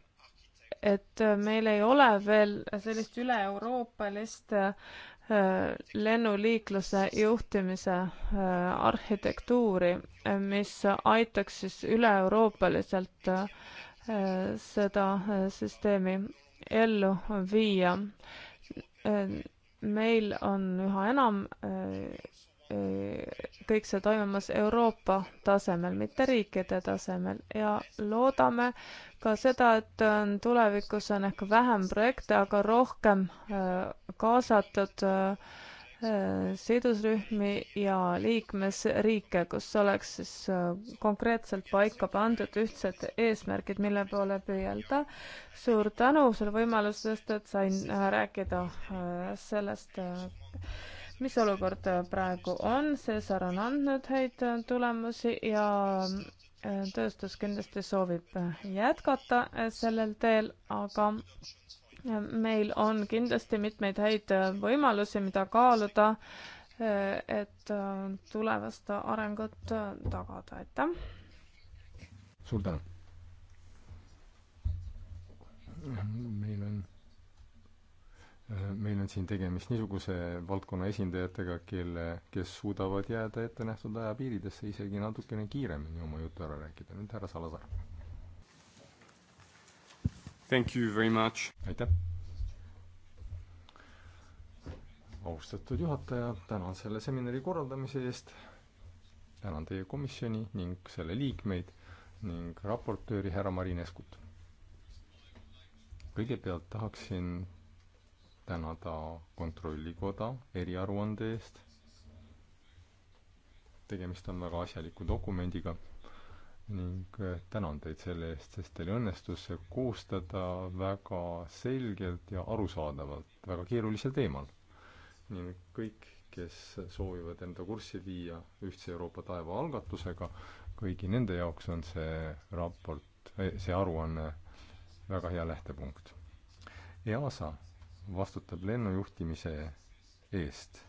et meil ei ole veel sellist üle-euroopalist äh, lennuliikluse juhtimise äh, arhitektuuri, mis aitaks siis üle-euroopaliselt seda süsteemi ellu viia meil on üha enam äh, äh, kõik see toimumas Euroopa tasemel, mitte riikide tasemel ja loodame ka seda, et tulevikus on ehk vähem projekte, aga rohkem äh, kaasatud äh, Äh, sidusrühmi ja liikmesriike, kus oleks siis äh, konkreetselt paika pandud ühtsed eesmärgid, mille poole püüelda. suur tänu selle võimaluse eest, et sain äh, rääkida sellest, mis olukord praegu on, Cesar on andnud häid tulemusi ja tööstus kindlasti soovib jätkata sellel teel, aga meil on kindlasti mitmeid häid äh, võimalusi, mida kaaluda, äh, et äh, tulevast arengut tagada, aitäh! suur tänu! meil on, meil on siin tegemist niisuguse valdkonna esindajatega, kelle, kes suudavad jääda ettenähtud ajapiiridesse isegi natukene kiiremini oma jutu ära rääkida. nüüd härra Salazar Thank you very much. aitäh. austatud juhataja, tänan selle seminari korraldamise eest. tänan teie komisjoni ning selle liikmeid ning raportööri härra Marineskut. kõigepealt tahaksin tänada Kontrollikoda eriaruande eest. tegemist on väga asjaliku dokumendiga ning äh, tänan teid selle eest, sest teil õnnestus see koostada väga selgelt ja arusaadavalt väga keerulisel teemal. ning kõik, kes soovivad enda kurssi viia Ühtse Euroopa taeva algatusega, kõigi nende jaoks on see raport, eh, see aruanne väga hea lähtepunkt. EASA vastutab lennujuhtimise eest.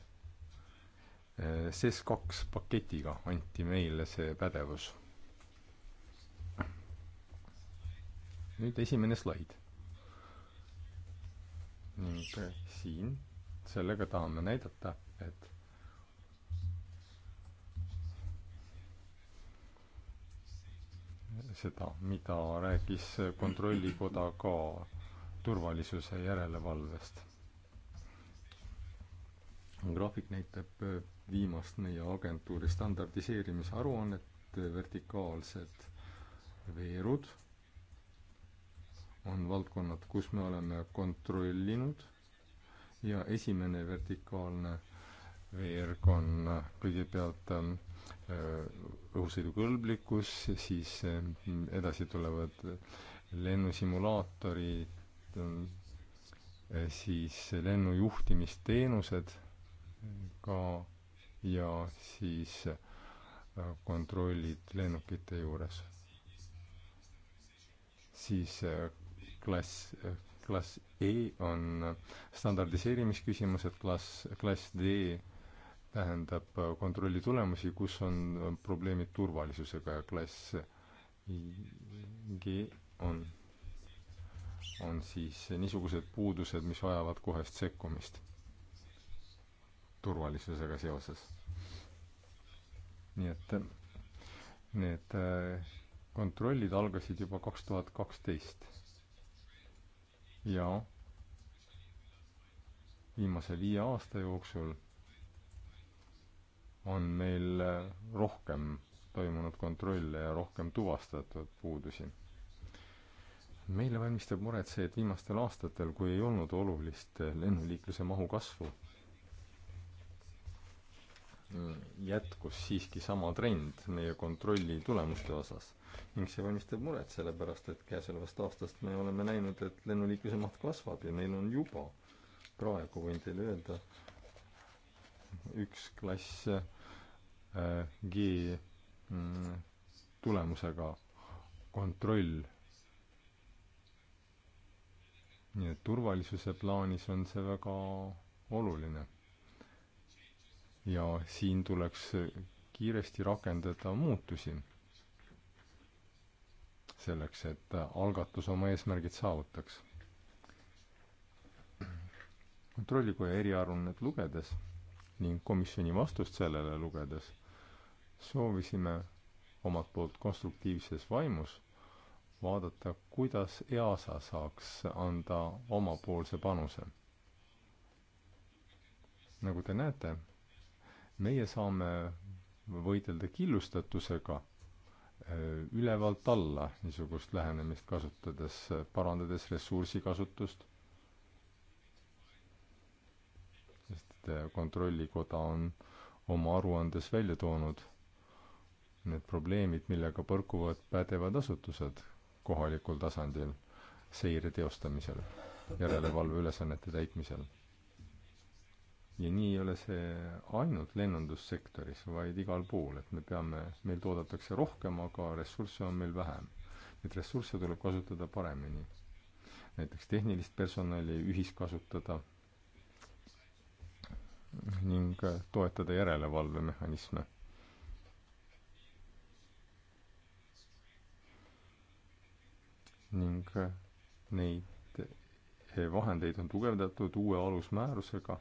Eh, SES kaks paketiga anti meile see pädevus nüüd esimene slaid. ning siin sellega tahame näidata, et seda, mida rääkis Kontrollikoda ka turvalisuse järelevalvest. graafik näitab viimast meie agentuuri standardiseerimise aruannet, vertikaalsed veerud on valdkonnad, kus me oleme kontrollinud ja esimene vertikaalne veerg on kõigepealt äh, õhusõidukõlblikkus, siis äh, edasi tulevad lennusimulaatorid, äh, siis lennujuhtimisteenused ka ja siis kontrollid lennukite juures. siis klass, klass E on standardiseerimisküsimused, klass, klass D tähendab kontrolli tulemusi, kus on probleemid turvalisusega ja klass G on, on siis niisugused puudused, mis vajavad kohest sekkumist turvalisusega seoses. nii et need äh, kontrollid algasid juba kaks tuhat kaksteist ja viimase viie aasta jooksul on meil rohkem toimunud kontrolle ja rohkem tuvastatud puudusi. meile valmistab muret see, et viimastel aastatel, kui ei olnud olulist lennuliikluse mahu kasvu, jätkus siiski sama trend meie kontrolli tulemuste osas ning see valmistab muret, sellepärast et käesolevast aastast me oleme näinud, et lennuliikluse maht kasvab ja meil on juba praegu, võin teile öelda, üks klass äh, G mm, tulemusega kontroll. nii et turvalisuse plaanis on see väga oluline. ja siin tuleks kiiresti rakendada muutusi selleks, et algatus oma eesmärgid saavutaks. kontrollikoja eriaruannet lugedes ning komisjoni vastust sellele lugedes soovisime omalt poolt konstruktiivses vaimus vaadata, kuidas EASA saaks anda omapoolse panuse. nagu te näete, meie saame võidelda killustatusega Äh, ülevalt alla niisugust lähenemist kasutades, äh, parandades ressursikasutust. sest äh, Kontrollikoda on oma aruandes välja toonud need probleemid, millega põrkuvad pädevad asutused kohalikul tasandil seire teostamisel, järelevalveülesannete täitmisel ja nii ei ole see ainult lennundussektoris, vaid igal pool, et me peame, meil toodetakse rohkem, aga ressursse on meil vähem. et ressursse tuleb kasutada paremini. näiteks tehnilist personali ühiskasutada ning toetada järelevalvemehhanisme. ning neid vahendeid on tugevdatud uue alusmäärusega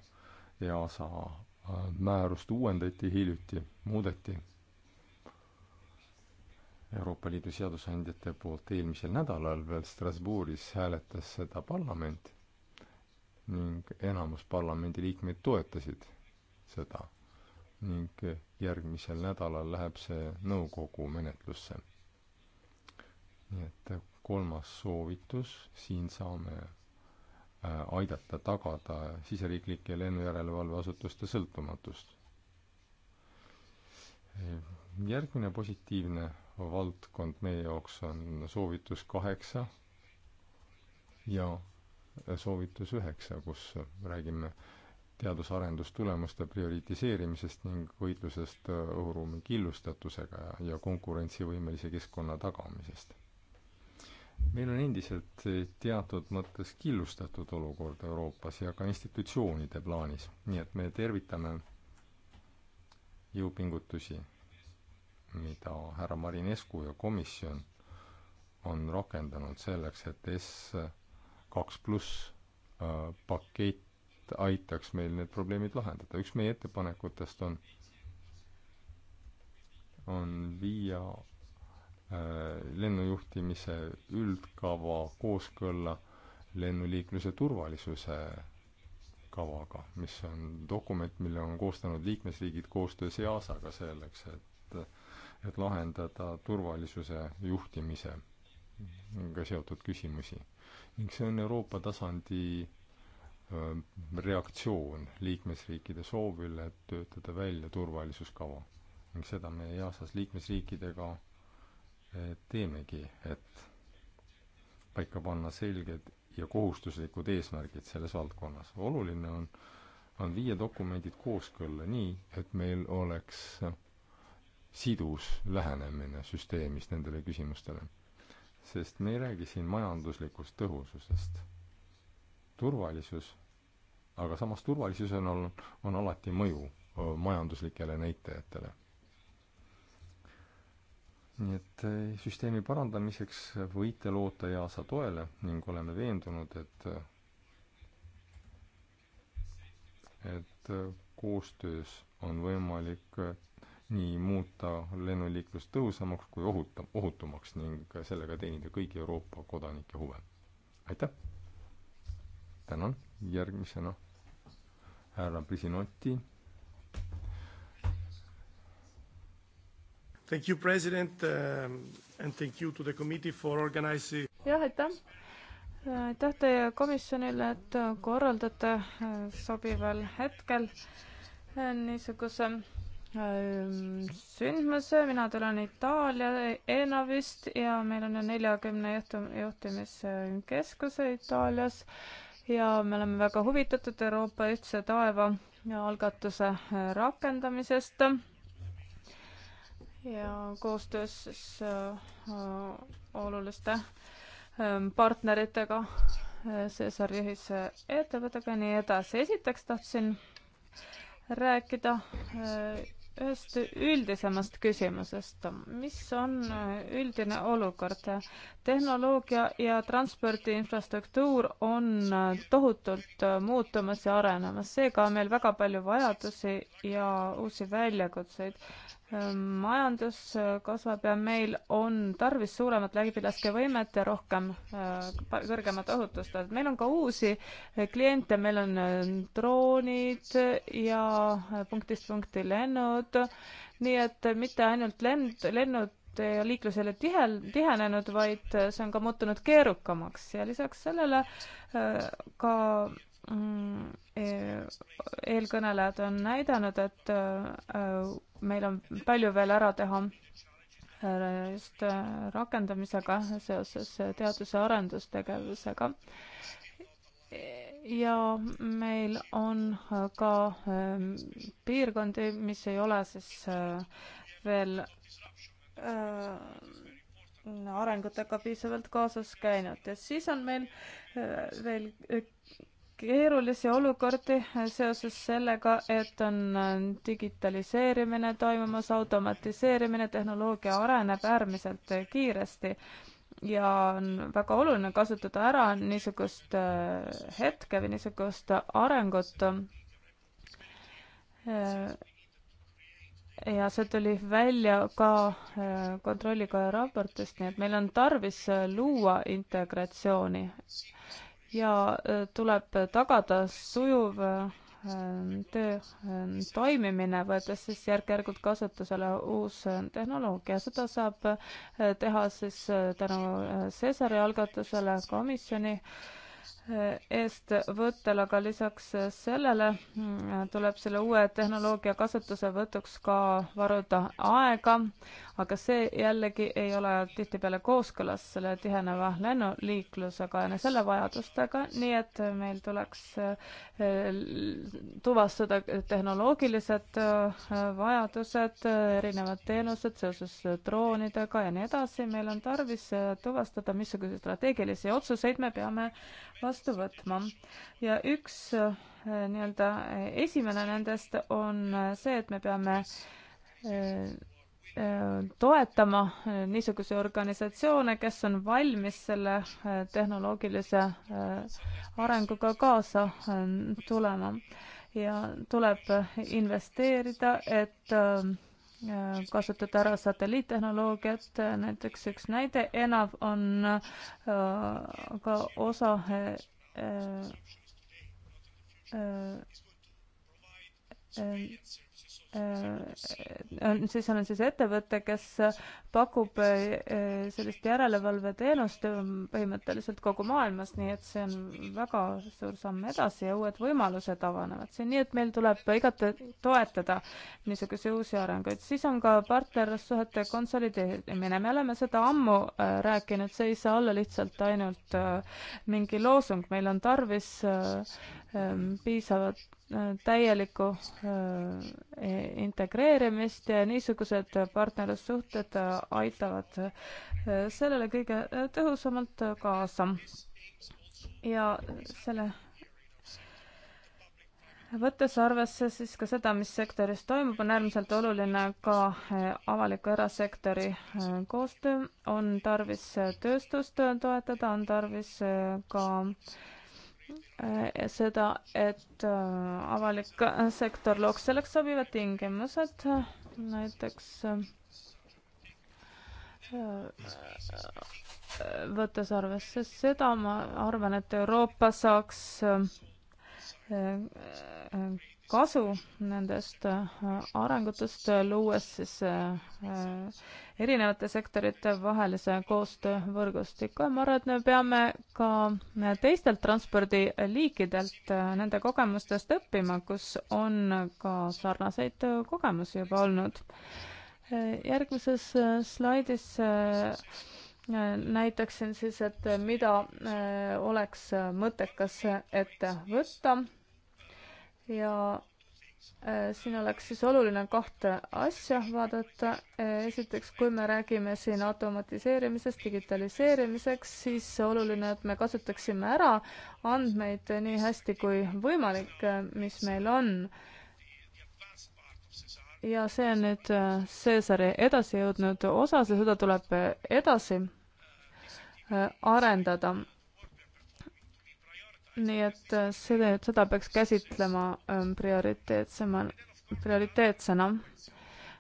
EASA äh, määrust uuendati hiljuti, muudeti Euroopa Liidu seadusandjate poolt eelmisel nädalal veel Strasbourgis hääletas seda parlament ning enamus parlamendiliikmeid toetasid seda ning järgmisel nädalal läheb see nõukogu menetlusse. nii et kolmas soovitus, siin saame Äh, aidata tagada siseriiklike lennujärelevalveasutuste sõltumatust. järgmine positiivne valdkond meie jaoks on soovitus kaheksa ja soovitus üheksa, kus räägime teadus-arendustulemuste prioritiseerimisest ning võitlusest õhuruumi killustatusega ja konkurentsivõimelise keskkonna tagamisest meil on endiselt teatud mõttes killustatud olukord Euroopas ja ka institutsioonide plaanis, nii et me tervitame jõupingutusi, mida härra Marinescu ja komisjon on rakendanud selleks, et S kaks pluss äh, pakett aitaks meil need probleemid lahendada. üks meie ettepanekutest on, on viia Äh, lennujuhtimise üldkava kooskõlla lennuliikluse turvalisuse kavaga, mis on dokument, mille on koostanud liikmesriigid koostöös EASA-ga selleks, et, et lahendada turvalisuse juhtimisega seotud küsimusi. ning see on Euroopa tasandi reaktsioon liikmesriikide soovile töötada välja turvalisuskava. ning seda me EASA-s liikmesriikidega Eh, teemegi, et paika panna selged ja kohustuslikud eesmärgid selles valdkonnas. oluline on, on viia dokumendid kooskõlla nii, et meil oleks sidus lähenemine süsteemis nendele küsimustele. sest me ei räägi siin majanduslikust tõhususest. turvalisus, aga samas turvalisusel on, on alati mõju majanduslikele näitajatele nii et eh, süsteemi parandamiseks võite loota EASA toele ning oleme veendunud, et et eh, koostöös on võimalik eh, nii muuta lennuliiklust tõhusamaks kui ohutam, ohutumaks ning sellega teenida kõigi Euroopa kodanike huve. aitäh! tänan, järgmisena härra Prisinoti Thank you, president um, and thank you to the committee for organizing. jah, aitäh. aitäh teie komisjonile, et korraldate äh, sobival hetkel äh, niisuguse ähm, sündmuse, mina tulen Itaalia Enavist ja meil on neljakümne juhtum-, juhtimiskeskuse Itaalias ja me oleme väga huvitatud Euroopa Ühtse Taeva algatuse äh, rakendamisest ja koostöös siis äh, äh, oluliste ähm, partneritega, äh, Cesari ühise ettevõttega ja nii edasi. esiteks tahtsin rääkida ühest üldisemast küsimusest, mis on üldine olukord tehnoloogia ja transpordi infrastruktuur on tohutult muutumas ja arenemas, seega on meil väga palju vajadusi ja uusi väljakutseid. Ähm, majandus kasvab ja meil on tarvis suuremat läbilaskevõimet ja rohkem äh, kõrgemat ohutust, et meil on ka uusi äh, kliente, meil on äh, droonid ja punktist punkti lennud nii et mitte ainult lend, lennud ja liiklusele tihel, tihenenud, vaid see on ka muutunud keerukamaks ja lisaks sellele äh, ka mm, e, eelkõnelejad on näidanud, et äh, meil on palju veel ära teha äh, just rakendamisega seoses teaduse arendustegevusega. ja meil on ka piirkondi, mis ei ole siis veel Äh, arengutega piisavalt kaasas käinud ja siis on meil äh, veel äh, keerulisi olukordi seoses sellega, et on digitaliseerimine toimumas, automatiseerimine, tehnoloogia areneb äärmiselt kiiresti ja on väga oluline kasutada ära niisugust hetke või niisugust arengut ja see tuli välja ka äh, kontrollikoja raportist, nii et meil on tarvis äh, luua integratsiooni ja äh, tuleb tagada sujuv töö toimimine, võttes siis järk-järgult kasutusele uus tehnoloogia. seda saab teha siis tänu Cesari algatusele komisjoni äh, eest võttel, aga lisaks sellele mm, tuleb selle uue tehnoloogia kasutuselevõtuks ka varuda aega aga see jällegi ei ole tihtipeale kooskõlas selle tiheneva lennuliiklusega ja selle vajadustega, nii et meil tuleks eh, tuvastada tehnoloogilised eh, vajadused, erinevad teenused seoses droonidega ja nii edasi, meil on tarvis eh, tuvastada, missuguseid strateegilisi otsuseid me peame vastu võtma. ja üks nii-öelda esimene nendest on see, et me peame Äh, toetama äh, niisuguseid organisatsioone, kes on valmis selle äh, tehnoloogilise arenguga kaasa tulema ja tuleb investeerida, et kasutada ära satelliittehnoloogiat, näiteks üks näide, ENAV on ka osa Äh, on, siis on siis ettevõte, kes pakub äh, sellist järelevalveteenust äh, põhimõtteliselt kogu maailmas, nii et see on väga suur samm edasi ja uued võimalused avanevad siin, nii et meil tuleb igati toetada niisuguseid uusi arenguid. siis on ka partnerlussuhete konsolideerimine, me oleme seda ammu rääkinud, see ei saa olla lihtsalt ainult mingi loosung, meil on tarvis Ähm, piisavat äh, täielikku äh, integreerimist ja niisugused partnerlussuhted äh, aitavad sellele kõige tõhusamalt kaasa. ja selle võttes arvesse siis ka seda, mis sektoris toimub, on äärmiselt oluline ka avaliku erasektori koostöö, on tarvis tööstust toetada, on tarvis ka äh, Äh, seda, et äh, avalik äh, sektor looks selleks sobivad tingimused, näiteks võttes arvesse seda, ma arvan, et Euroopa saaks kasu nendest äh, arengutest, äh, luues siis äh, erinevate sektorite vahelise koostöövõrgustiku ja ma arvan, et me peame ka teistelt transpordiliikidelt nende kogemustest õppima, kus on ka sarnaseid kogemusi juba olnud. järgmises slaidis näitaksin siis, et mida oleks mõttekas ette võtta ja äh, siin oleks siis oluline kahte asja vaadata. Äh, esiteks, kui me räägime siin automatiseerimisest, digitaliseerimiseks, siis oluline, et me kasutaksime ära andmeid nii hästi kui võimalik, äh, mis meil on. ja see on nüüd Caesari edasi jõudnud osa, seda tuleb edasi arendada nii et äh, seda, seda peaks käsitlema ähm, prioriteetsemal, prioriteetsena.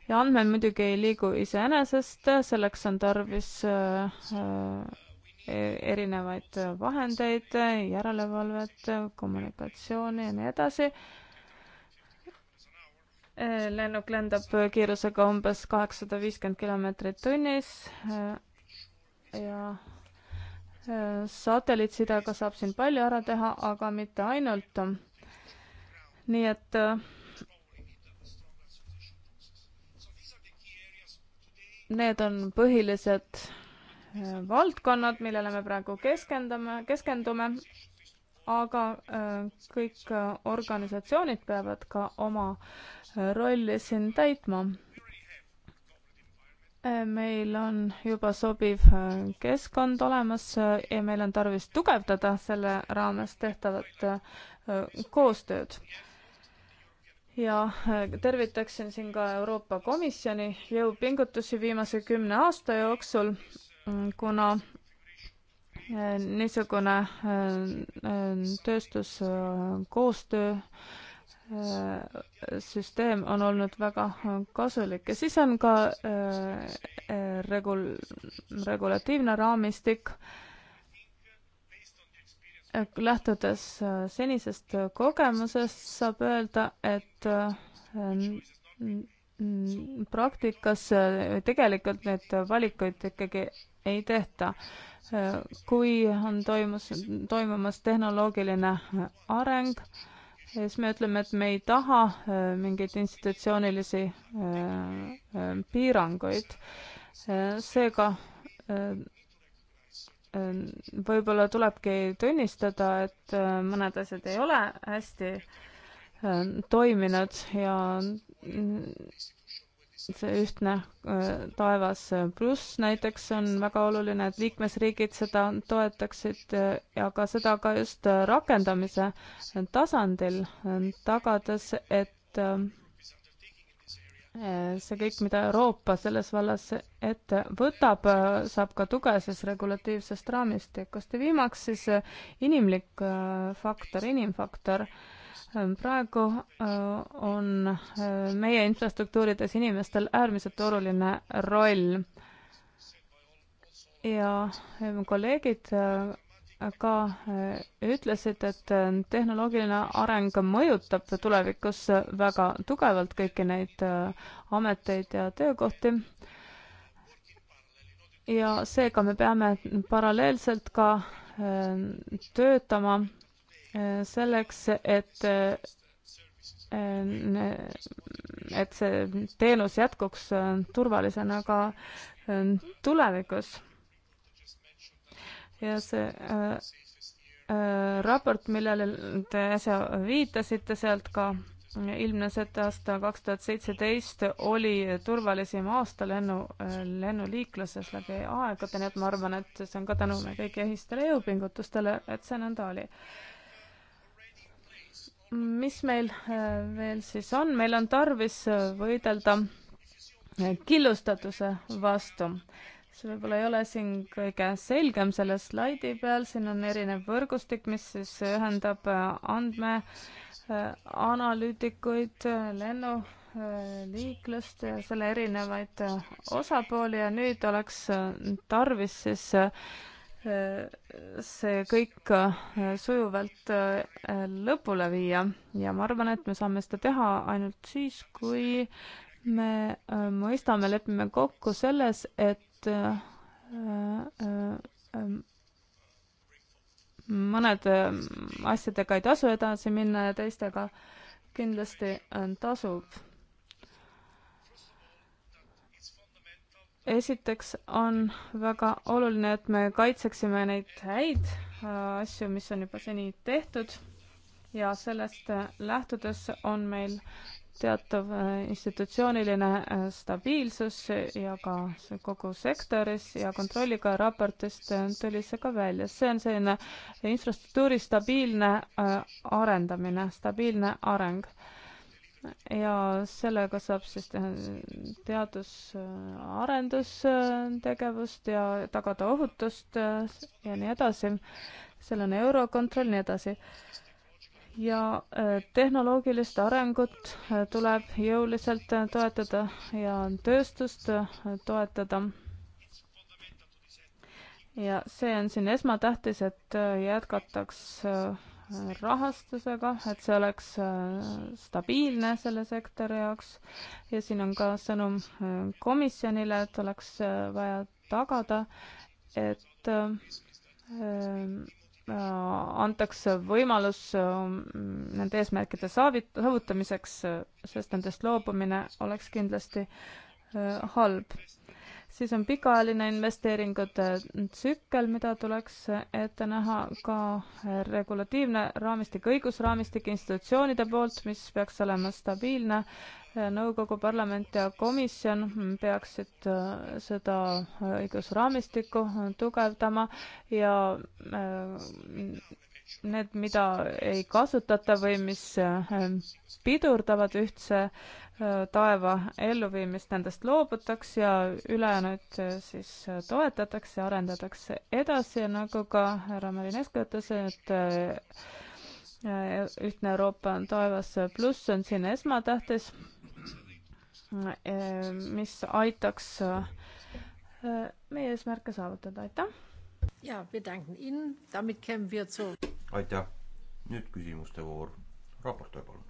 ja andmed muidugi ei liigu iseenesest, selleks on tarvis äh, äh, erinevaid vahendeid, järelevalvet, kommunikatsiooni ja nii edasi lennuk lendab kiirusega umbes kaheksasada viiskümmend kilomeetrit tunnis ja satelliitsidega saab siin palju ära teha, aga mitte ainult. nii et need on põhilised äh, valdkonnad, millele me praegu keskendume, keskendume, aga äh, kõik äh, organisatsioonid peavad ka oma rolli siin täitma meil on juba sobiv äh, keskkond olemas äh, ja meil on tarvis tugevdada selle raames tehtavat äh, koostööd. ja tervitaksin siin ka Euroopa Komisjoni jõupingutusi viimase kümne aasta jooksul, mm, kuna niisugune tööstuskoostöö Äh, süsteem on olnud väga kasulik ja siis on ka äh, äh, regul-, regulatiivne raamistik, lähtudes senisest kogemusest saab öelda, et praktikas tegelikult neid valikuid ikkagi ei tehta. kui on toimus, toimumas tehnoloogiline areng, ja siis me ütleme, et me ei taha äh, mingeid institutsioonilisi äh, äh, piiranguid. seega võib-olla tulebki tunnistada, et mõned asjad ei ole hästi toiminud ja mm, see ühtne äh, taevas äh, pluss näiteks on väga oluline, et liikmesriigid seda toetaksid äh, ja ka seda ka just rakendamise tasandil, tagades, et see kõik, mida Euroopa selles vallas ette võtab, saab ka tuge siis regulatiivsest raamistikust ja viimaks siis inimlik faktor, inimfaktor praegu äh, on äh, meie infrastruktuurides inimestel äärmiselt oluline roll ja äh, kolleegid ka ütlesid, et tehnoloogiline areng mõjutab tulevikus väga tugevalt kõiki neid ameteid ja töökohti. ja seega me peame paralleelselt ka töötama selleks, et et see teenus jätkuks turvalisena ka tulevikus. ja see äh, äh, raport, millele te äsja viitasite, sealt ka ilmnes, et aasta kaks tuhat seitseteist oli turvalisim aasta lennu, äh, lennuliikluses läbi aegade, nii et ma arvan, et see on ka tänu meie kõigi ühistele jõupingutustele, et see nõnda oli mis meil äh, veel siis on, meil on tarvis äh, võidelda äh, killustatuse vastu. see võib-olla ei ole siin kõige selgem selle slaidi peal, siin on erinev võrgustik, mis siis ühendab andmeanalüütikuid, lennuliiklust ja selle erinevaid osapooli ja nüüd oleks tarvis siis see kõik äh, sujuvalt äh, lõpule viia ja ma arvan, et me saame seda teha ainult siis, kui me äh, mõistame, lepime kokku selles, et mõned asjadega ei tasu edasi minna ja teistega kindlasti tasub esiteks on väga oluline, et me kaitseksime neid häid äh, asju, mis on juba seni tehtud ja sellest äh, lähtudes on meil teatav äh, institutsiooniline stabiilsus ja ka kogu sektoris ja kontrolliga raportist tuli see ka välja. see on selline infrastruktuuri stabiilne arendamine, stabiilne areng ja sellega saab siis teha teadus-arendustegevust ja tagada ohutust äh, ja nii edasi. seal on Eurokontroll, nii edasi. ja äh, tehnoloogilist arengut äh, tuleb jõuliselt toetada ja tööstust toetada. ja see on siin esmatähtis, et jätkataks rahastusega, et see oleks äh, stabiilne selle sektori jaoks ja siin on ka sõnum äh, komisjonile, et oleks äh, vaja tagada, et antakse võimalus nende eesmärkide saavit-, saavutamiseks, sest nendest loobumine oleks kindlasti halb siis on pikaajaline investeeringute tsükkel, mida tuleks ette näha ka regulatiivne raamistik, õigusraamistik institutsioonide poolt, mis peaks olema stabiilne. nõukogu, parlament ja komisjon peaksid äh, seda õigusraamistikku tugevdama ja äh, need, mida ei kasutata või mis ähm, pidurdavad ühtse äh, taeva elluviimist, nendest loobutaks ja ülejäänuid äh, siis äh, toetatakse, arendatakse edasi, nagu ka härra Marinesko ütles, et ühtne Euroopa on taevas pluss on siin esmatähtis, mis aitaks meie eesmärke saavutada, aitäh! ja wir danken Ihnen, damit kämen wir zu. aitäh, nüüd küsimuste voor, raportöö palun.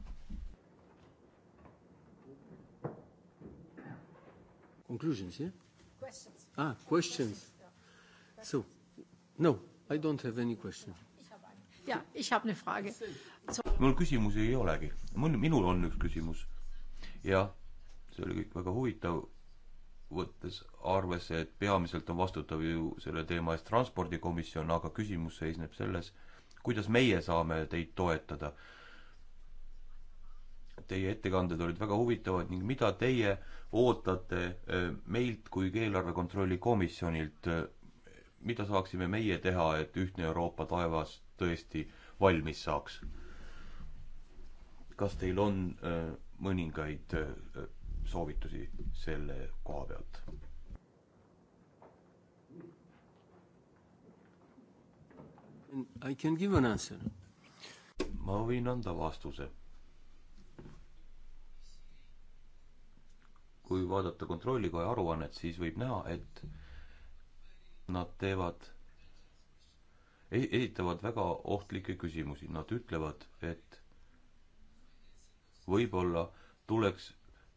Conclusions, jah yeah?? Questions. Ah, questions. So, no, I don't have any question. ja, ich habe eine Frage so.... mul küsimusi ei olegi, mul, minul on üks küsimus. jah, see oli kõik väga huvitav võttes arvesse, et peamiselt on vastutav ju selle teema eest transpordikomisjon, aga küsimus seisneb selles, kuidas meie saame teid toetada. Teie ettekanded olid väga huvitavad ning mida teie ootate eh, meilt kui eelarve kontrolli komisjonilt, eh, mida saaksime meie teha, et ühtne Euroopa taevas tõesti valmis saaks? kas teil on eh, mõningaid soovitusi selle koha pealt? I can give an answer. ma võin anda vastuse. kui vaadata kontrollikoja aruannet, siis võib näha, et nad teevad, esitavad väga ohtlikke küsimusi, nad ütlevad, et võib-olla tuleks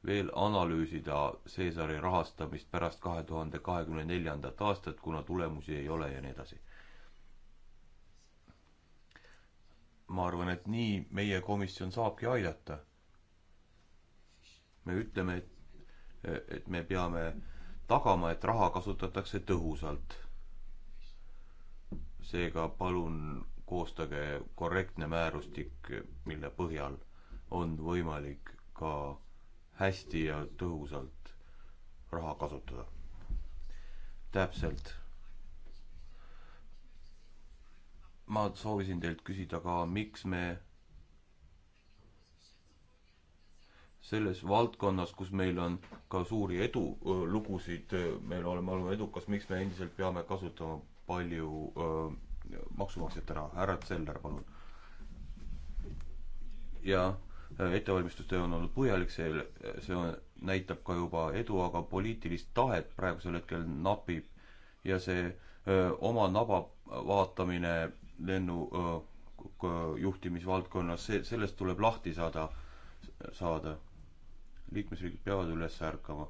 veel analüüsida Seesari rahastamist pärast kahe tuhande kahekümne neljandat aastat, kuna tulemusi ei ole ja nii edasi. ma arvan, et nii meie komisjon saabki aidata. me ütleme, et, et me peame tagama, et raha kasutatakse tõhusalt. seega palun koostage korrektne määrustik, mille põhjal on võimalik ka hästi ja tõhusalt raha kasutada. täpselt. ma soovisin teilt küsida ka, miks me selles valdkonnas, kus meil on ka suuri edulugusid, meil oleme olnud edukas, miks me endiselt peame kasutama palju öö, maksumaksjate raha, härra Zeller, palun. jah Äh, ettevalmistustöö on olnud põhjalik, see, see on, näitab ka juba edu, aga poliitilist tahet praegusel hetkel napib ja see öö, äh, oma naba vaatamine lennu öö, äh, juhtimisvaldkonnas, see, sellest tuleb lahti saada, saada. liikmesriigid peavad üles ärkama.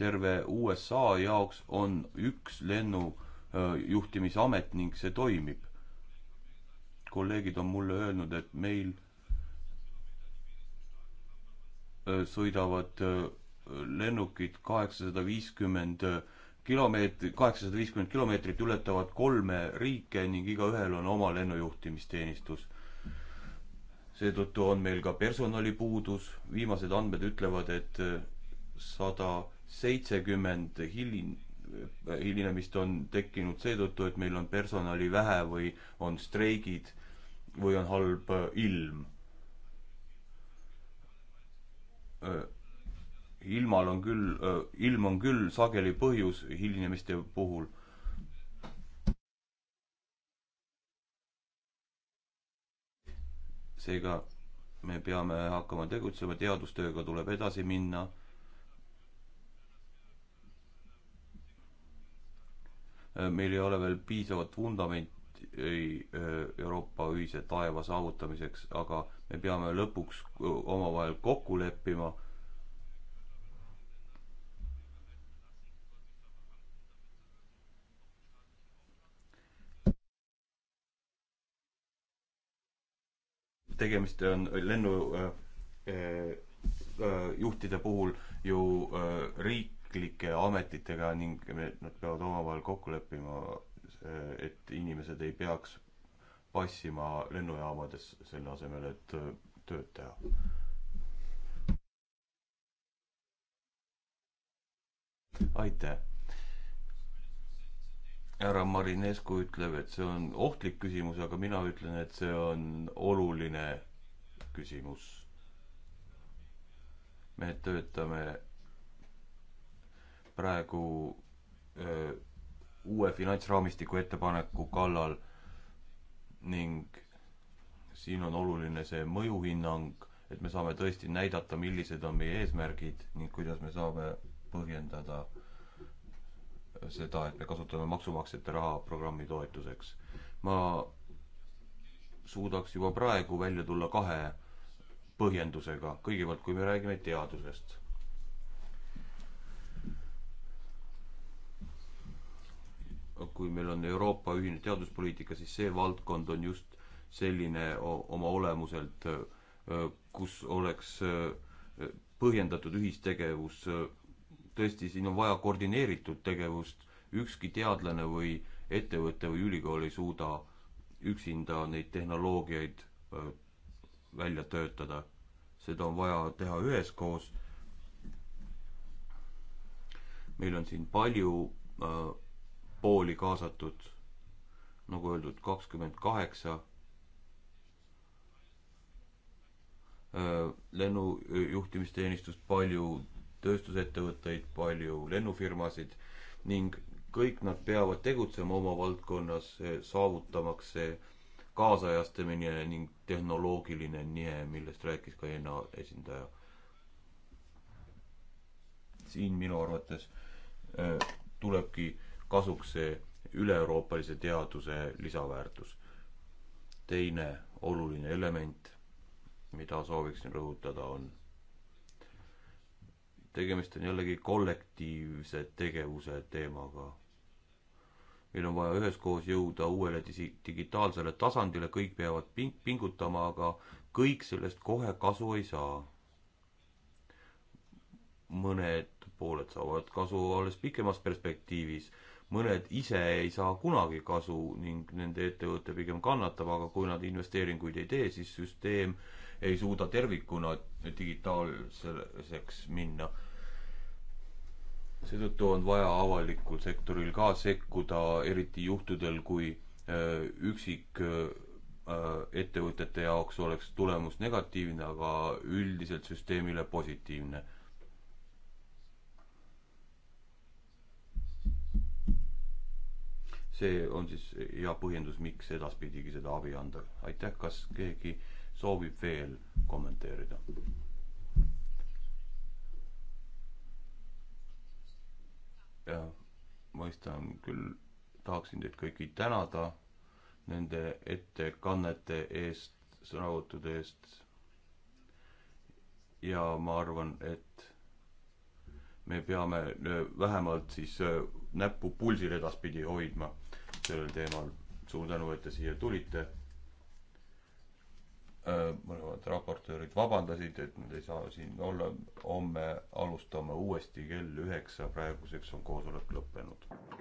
terve USA jaoks on üks lennu öö, juhtimisamet ning see toimib kolleegid on mulle öelnud, et meil äh, sõidavad äh, lennukid kaheksasada viiskümmend äh, kilomeetrit, kaheksasada viiskümmend kilomeetrit ületavad kolme riike ning igaühel on oma lennujuhtimisteenistus. seetõttu on meil ka personalipuudus, viimased andmed ütlevad, et sada seitsekümmend hilin-, hilinemist on tekkinud seetõttu, et meil on personali vähe või on streigid või on halb äh, ilm. Äh, ilmal on küll, äh, ilm on küll sageli põhjus hilinemiste puhul seega me peame hakkama tegutsema, teadustööga tuleb edasi minna. meil ei ole veel piisavat vundamenti ei äh, Euroopa ühise taeva saavutamiseks, aga me peame lõpuks äh, omavahel kokku leppima. tegemist on lennujuhtide äh, puhul ju riiklike ametitega ning nad peavad omavahel kokku leppima Eh, et inimesed ei peaks passima lennujaamades selle asemel, et eh, tööd teha. aitäh. härra Marinescu ütleb, et see on ohtlik küsimus, aga mina ütlen, et see on oluline küsimus. me töötame praegu öö, eh, uue finantsraamistiku ettepaneku kallal ning siin on oluline see mõjuhinnang, et me saame tõesti näidata, millised on meie eesmärgid ning kuidas me saame põhjendada seda, et me kasutame maksumaksjate raha programmi toetuseks. ma suudaks juba praegu välja tulla kahe põhjendusega. kõigepealt, kui me räägime teadusest kui meil on Euroopa ühine teaduspoliitika, siis see valdkond on just selline oma olemuselt, kus oleks põhjendatud ühistegevus. tõesti, siin on vaja koordineeritud tegevust, ükski teadlane või ettevõte või ülikool ei suuda üksinda neid tehnoloogiaid välja töötada. seda on vaja teha üheskoos. meil on siin palju äh, pooli kaasatud, nagu öeldud, kakskümmend kaheksa lennujuhtimisteenistust, palju tööstusettevõtteid, palju lennufirmasid ning kõik nad peavad tegutsema oma valdkonnas, e, saavutamaks see kaasajastamine ning tehnoloogiline nihe, millest rääkis ka ENA esindaja. siin minu arvates e, tulebki äh, kasuks see üle-euroopalise teaduse lisaväärtus. teine oluline element, mida sooviksin rõhutada, on tegemist on jällegi kollektiivse tegevuse teemaga. meil on vaja üheskoos jõuda uuele digitaalsele tasandile, kõik peavad ping-, pingutama, aga kõik sellest kohe kasu ei saa. mõned pooled saavad kasu alles pikemas perspektiivis mõned ise ei saa kunagi kasu ning nende ettevõte pigem kannatab, aga kui nad investeeringuid ei tee, siis süsteem ei suuda tervikuna digitaalseks minna. seetõttu on vaja avalikul sektoril ka sekkuda, eriti juhtudel, kui äh, üksik äh, ettevõtete jaoks oleks tulemus negatiivne, aga üldiselt süsteemile positiivne see on siis hea põhjendus, miks edaspidigi seda abi anda. aitäh, kas keegi soovib veel kommenteerida? jah, mõistan küll, tahaksin teid kõiki tänada nende ettekannete eest, sõnavõttude eest. ja ma arvan, et me peame äh, vähemalt siis äh, näppu pulsil edaspidi hoidma sellel teemal. suur tänu, et te siia tulite. Äh, mõlemad raportöörid vabandasid, et nad ei saa siin olla. homme alustame uuesti kell üheksa, praeguseks on koosolek lõppenud.